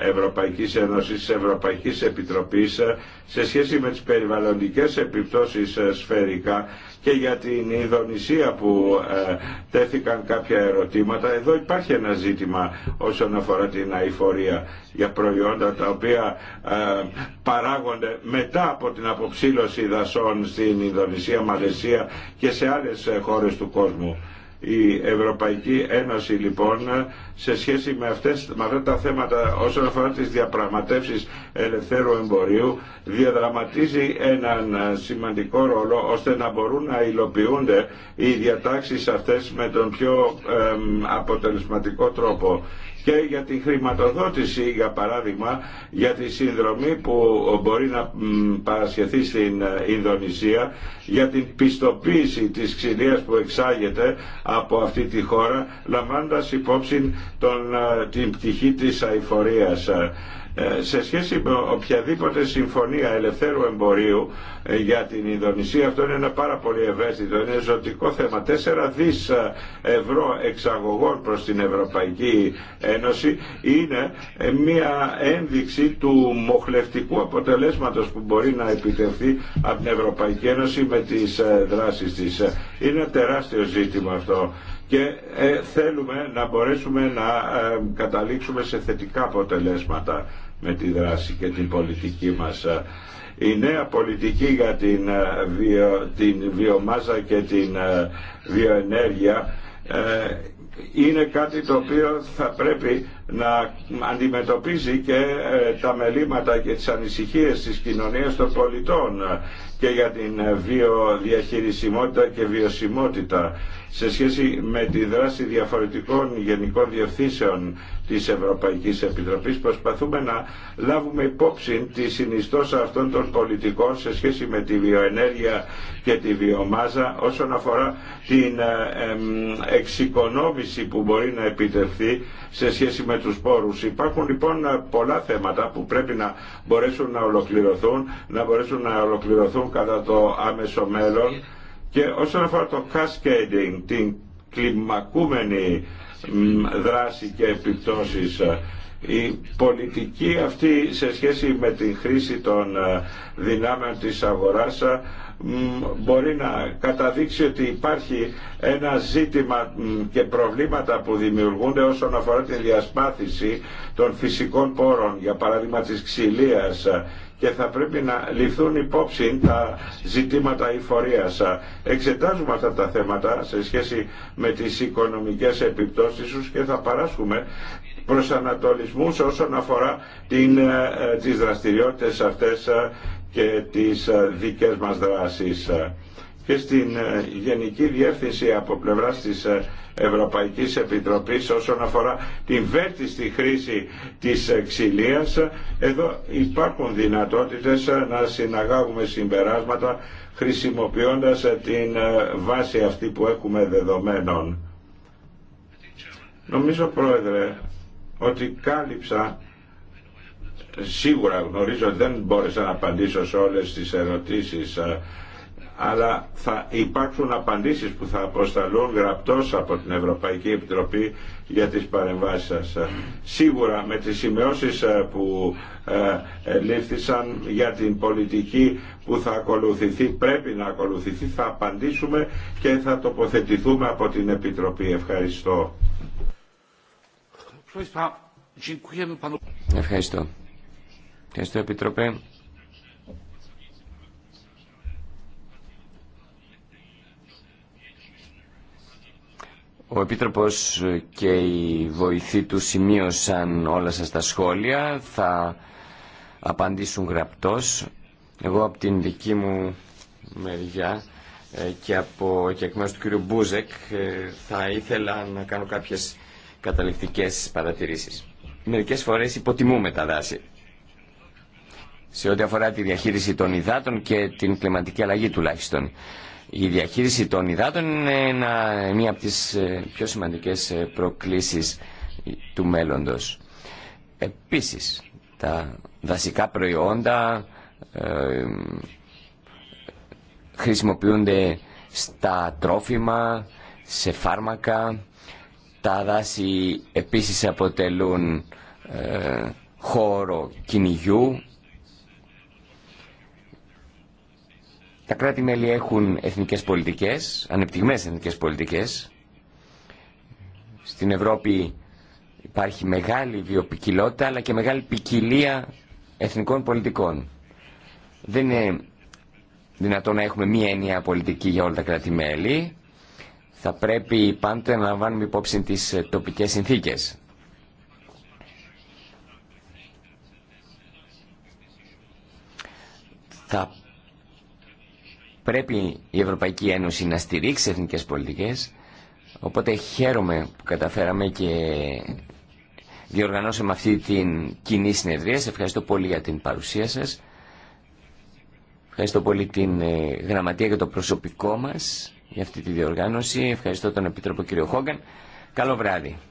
Ευρωπαϊκής Ένωσης, της Ευρωπαϊκής Επιτροπής σε σχέση με τις περιβαλλοντικές επιπτώσεις σφαιρικά και για την Ινδονησία που ε, τέθηκαν κάποια ερωτήματα. Εδώ υπάρχει ένα ζήτημα όσον αφορά την αηφορία για προϊόντα τα οποία ε, παράγονται μετά από την αποψήλωση δασών στην Ινδονησία, Μαλαισία και σε άλλες ε, χώρες του κόσμου. Η Ευρωπαϊκή Ένωση λοιπόν σε σχέση με, αυτές, με αυτά τα θέματα όσον αφορά τις διαπραγματεύσεις ελευθέρου εμπορίου διαδραματίζει έναν σημαντικό ρόλο ώστε να μπορούν να υλοποιούνται οι διατάξεις αυτές με τον πιο αποτελεσματικό τρόπο και για τη χρηματοδότηση για παράδειγμα για τη συνδρομή που μπορεί να παρασχεθεί στην ε, Ινδονησία για την πιστοποίηση της ξυλίας που εξάγεται από αυτή τη χώρα λαμβάνοντας υπόψη τον, ε, την πτυχή της αηφορίας ε, σε σχέση με οποιαδήποτε συμφωνία ελευθέρου εμπορίου ε, για την Ινδονησία αυτό είναι ένα πάρα πολύ ευαίσθητο, είναι ζωτικό θέμα. 4 δις ε, ευρώ εξαγωγών προς την Ευρωπαϊκή Ένωση είναι μια ένδειξη του μοχλευτικού αποτελέσματος που μπορεί να επιτευχθεί από την Ευρωπαϊκή Ένωση με τις δράσεις της. Είναι τεράστιο ζήτημα αυτό και θέλουμε να μπορέσουμε να καταλήξουμε σε θετικά αποτελέσματα με τη δράση και την πολιτική μας. Η νέα πολιτική για την, ε, βιο, την βιομάζα και την ε, βιοενέργεια ε, είναι κάτι το οποίο θα πρέπει να αντιμετωπίζει και τα μελήματα και τις ανησυχίες της κοινωνίας των πολιτών και για την βιοδιαχειρισιμότητα και βιωσιμότητα σε σχέση με τη δράση διαφορετικών γενικών διευθύνσεων της Ευρωπαϊκής Επιτροπής προσπαθούμε να λάβουμε υπόψη τη συνιστόσα αυτών των πολιτικών σε σχέση με τη βιοενέργεια και τη βιομάζα όσον αφορά την ε, εξοικονόμηση που μπορεί να επιτευχθεί σε σχέση με τους πόρους. Υπάρχουν λοιπόν πολλά θέματα που πρέπει να μπορέσουν να ολοκληρωθούν, να μπορέσουν να ολοκληρωθούν κατά το άμεσο μέλλον και όσον αφορά το cascading, την κλιμακούμενη δράση και επιπτώσεις, ε, η πολιτική αυτή σε σχέση με την χρήση των ε, δυνάμεων της αγοράς ε, μπορεί να καταδείξει ότι υπάρχει ένα ζήτημα και προβλήματα που δημιουργούνται όσον αφορά τη διασπάθηση των φυσικών πόρων, για παράδειγμα της ξυλίας και θα πρέπει να ληφθούν υπόψη τα ζητήματα ειφορίας. Εξετάζουμε αυτά τα θέματα σε σχέση με τις οικονομικές επιπτώσεις τους και θα παράσχουμε προσανατολισμούς όσον αφορά την, ε, τις δραστηριότητες αυτές ε, και τις ε, δικές μας δράσεις και στην ε, Γενική Διεύθυνση από πλευρά της ε, Ευρωπαϊκής Επιτροπής όσον αφορά την βέλτιστη χρήση της ξυλίας. Εδώ υπάρχουν δυνατότητες ε, να συναγάγουμε συμπεράσματα χρησιμοποιώντας την βάση αυτή που έχουμε δεδομένων. Νομίζω, Πρόεδρε, ότι κάλυψα σίγουρα γνωρίζω ότι δεν μπόρεσα να απαντήσω σε όλες τις ερωτήσεις αλλά θα υπάρξουν απαντήσεις που θα αποσταλούν γραπτός από την Ευρωπαϊκή Επιτροπή για τις παρεμβάσεις σας. Σίγουρα με τις σημειώσεις ε, που ε, λήφθησαν για την πολιτική που θα ακολουθηθεί, πρέπει να ακολουθηθεί, θα απαντήσουμε και θα τοποθετηθούμε από την Επιτροπή. Ευχαριστώ. Ευχαριστώ. Ευχαριστώ Επιτροπέ. Ο Επίτροπος και οι βοηθοί του σημείωσαν όλα σας τα σχόλια. Θα απαντήσουν γραπτός. Εγώ από την δική μου μεριά ε, και, από, και εκ μέρους του κύριου Μπούζεκ ε, θα ήθελα να κάνω κάποιες καταληκτικές παρατηρήσεις. Μερικές φορές υποτιμούμε τα δάση σε ό,τι αφορά τη διαχείριση των υδάτων και την κλιματική αλλαγή τουλάχιστον. Η διαχείριση των υδάτων είναι μία από τις ε, πιο σημαντικές ε, προκλήσεις του μέλλοντος. Επίσης, τα δασικά προϊόντα ε, χρησιμοποιούνται στα τρόφιμα, σε φάρμακα. Τα δάση επίσης αποτελούν χώρο κυνηγιού Τα κράτη-μέλη έχουν εθνικές πολιτικές, ανεπτυγμένες εθνικές πολιτικές. Στην Ευρώπη υπάρχει μεγάλη βιοπικιλότητα αλλά και μεγάλη ποικιλία εθνικών πολιτικών. Δεν είναι δυνατόν να έχουμε μία ενιαία πολιτική για όλα τα κράτη-μέλη. Θα πρέπει πάντοτε να λαμβάνουμε υπόψη τις ε, τοπικές συνθήκες. Θα πρέπει η Ευρωπαϊκή Ένωση να στηρίξει εθνικές πολιτικές, οπότε χαίρομαι που καταφέραμε και διοργανώσαμε αυτή την κοινή συνεδρία. Σε ευχαριστώ πολύ για την παρουσία σας. Ευχαριστώ πολύ την ε, γραμματεία και το προσωπικό μας για αυτή τη διοργάνωση. Ευχαριστώ τον Επίτροπο κύριο Χόγκαν. Καλό βράδυ.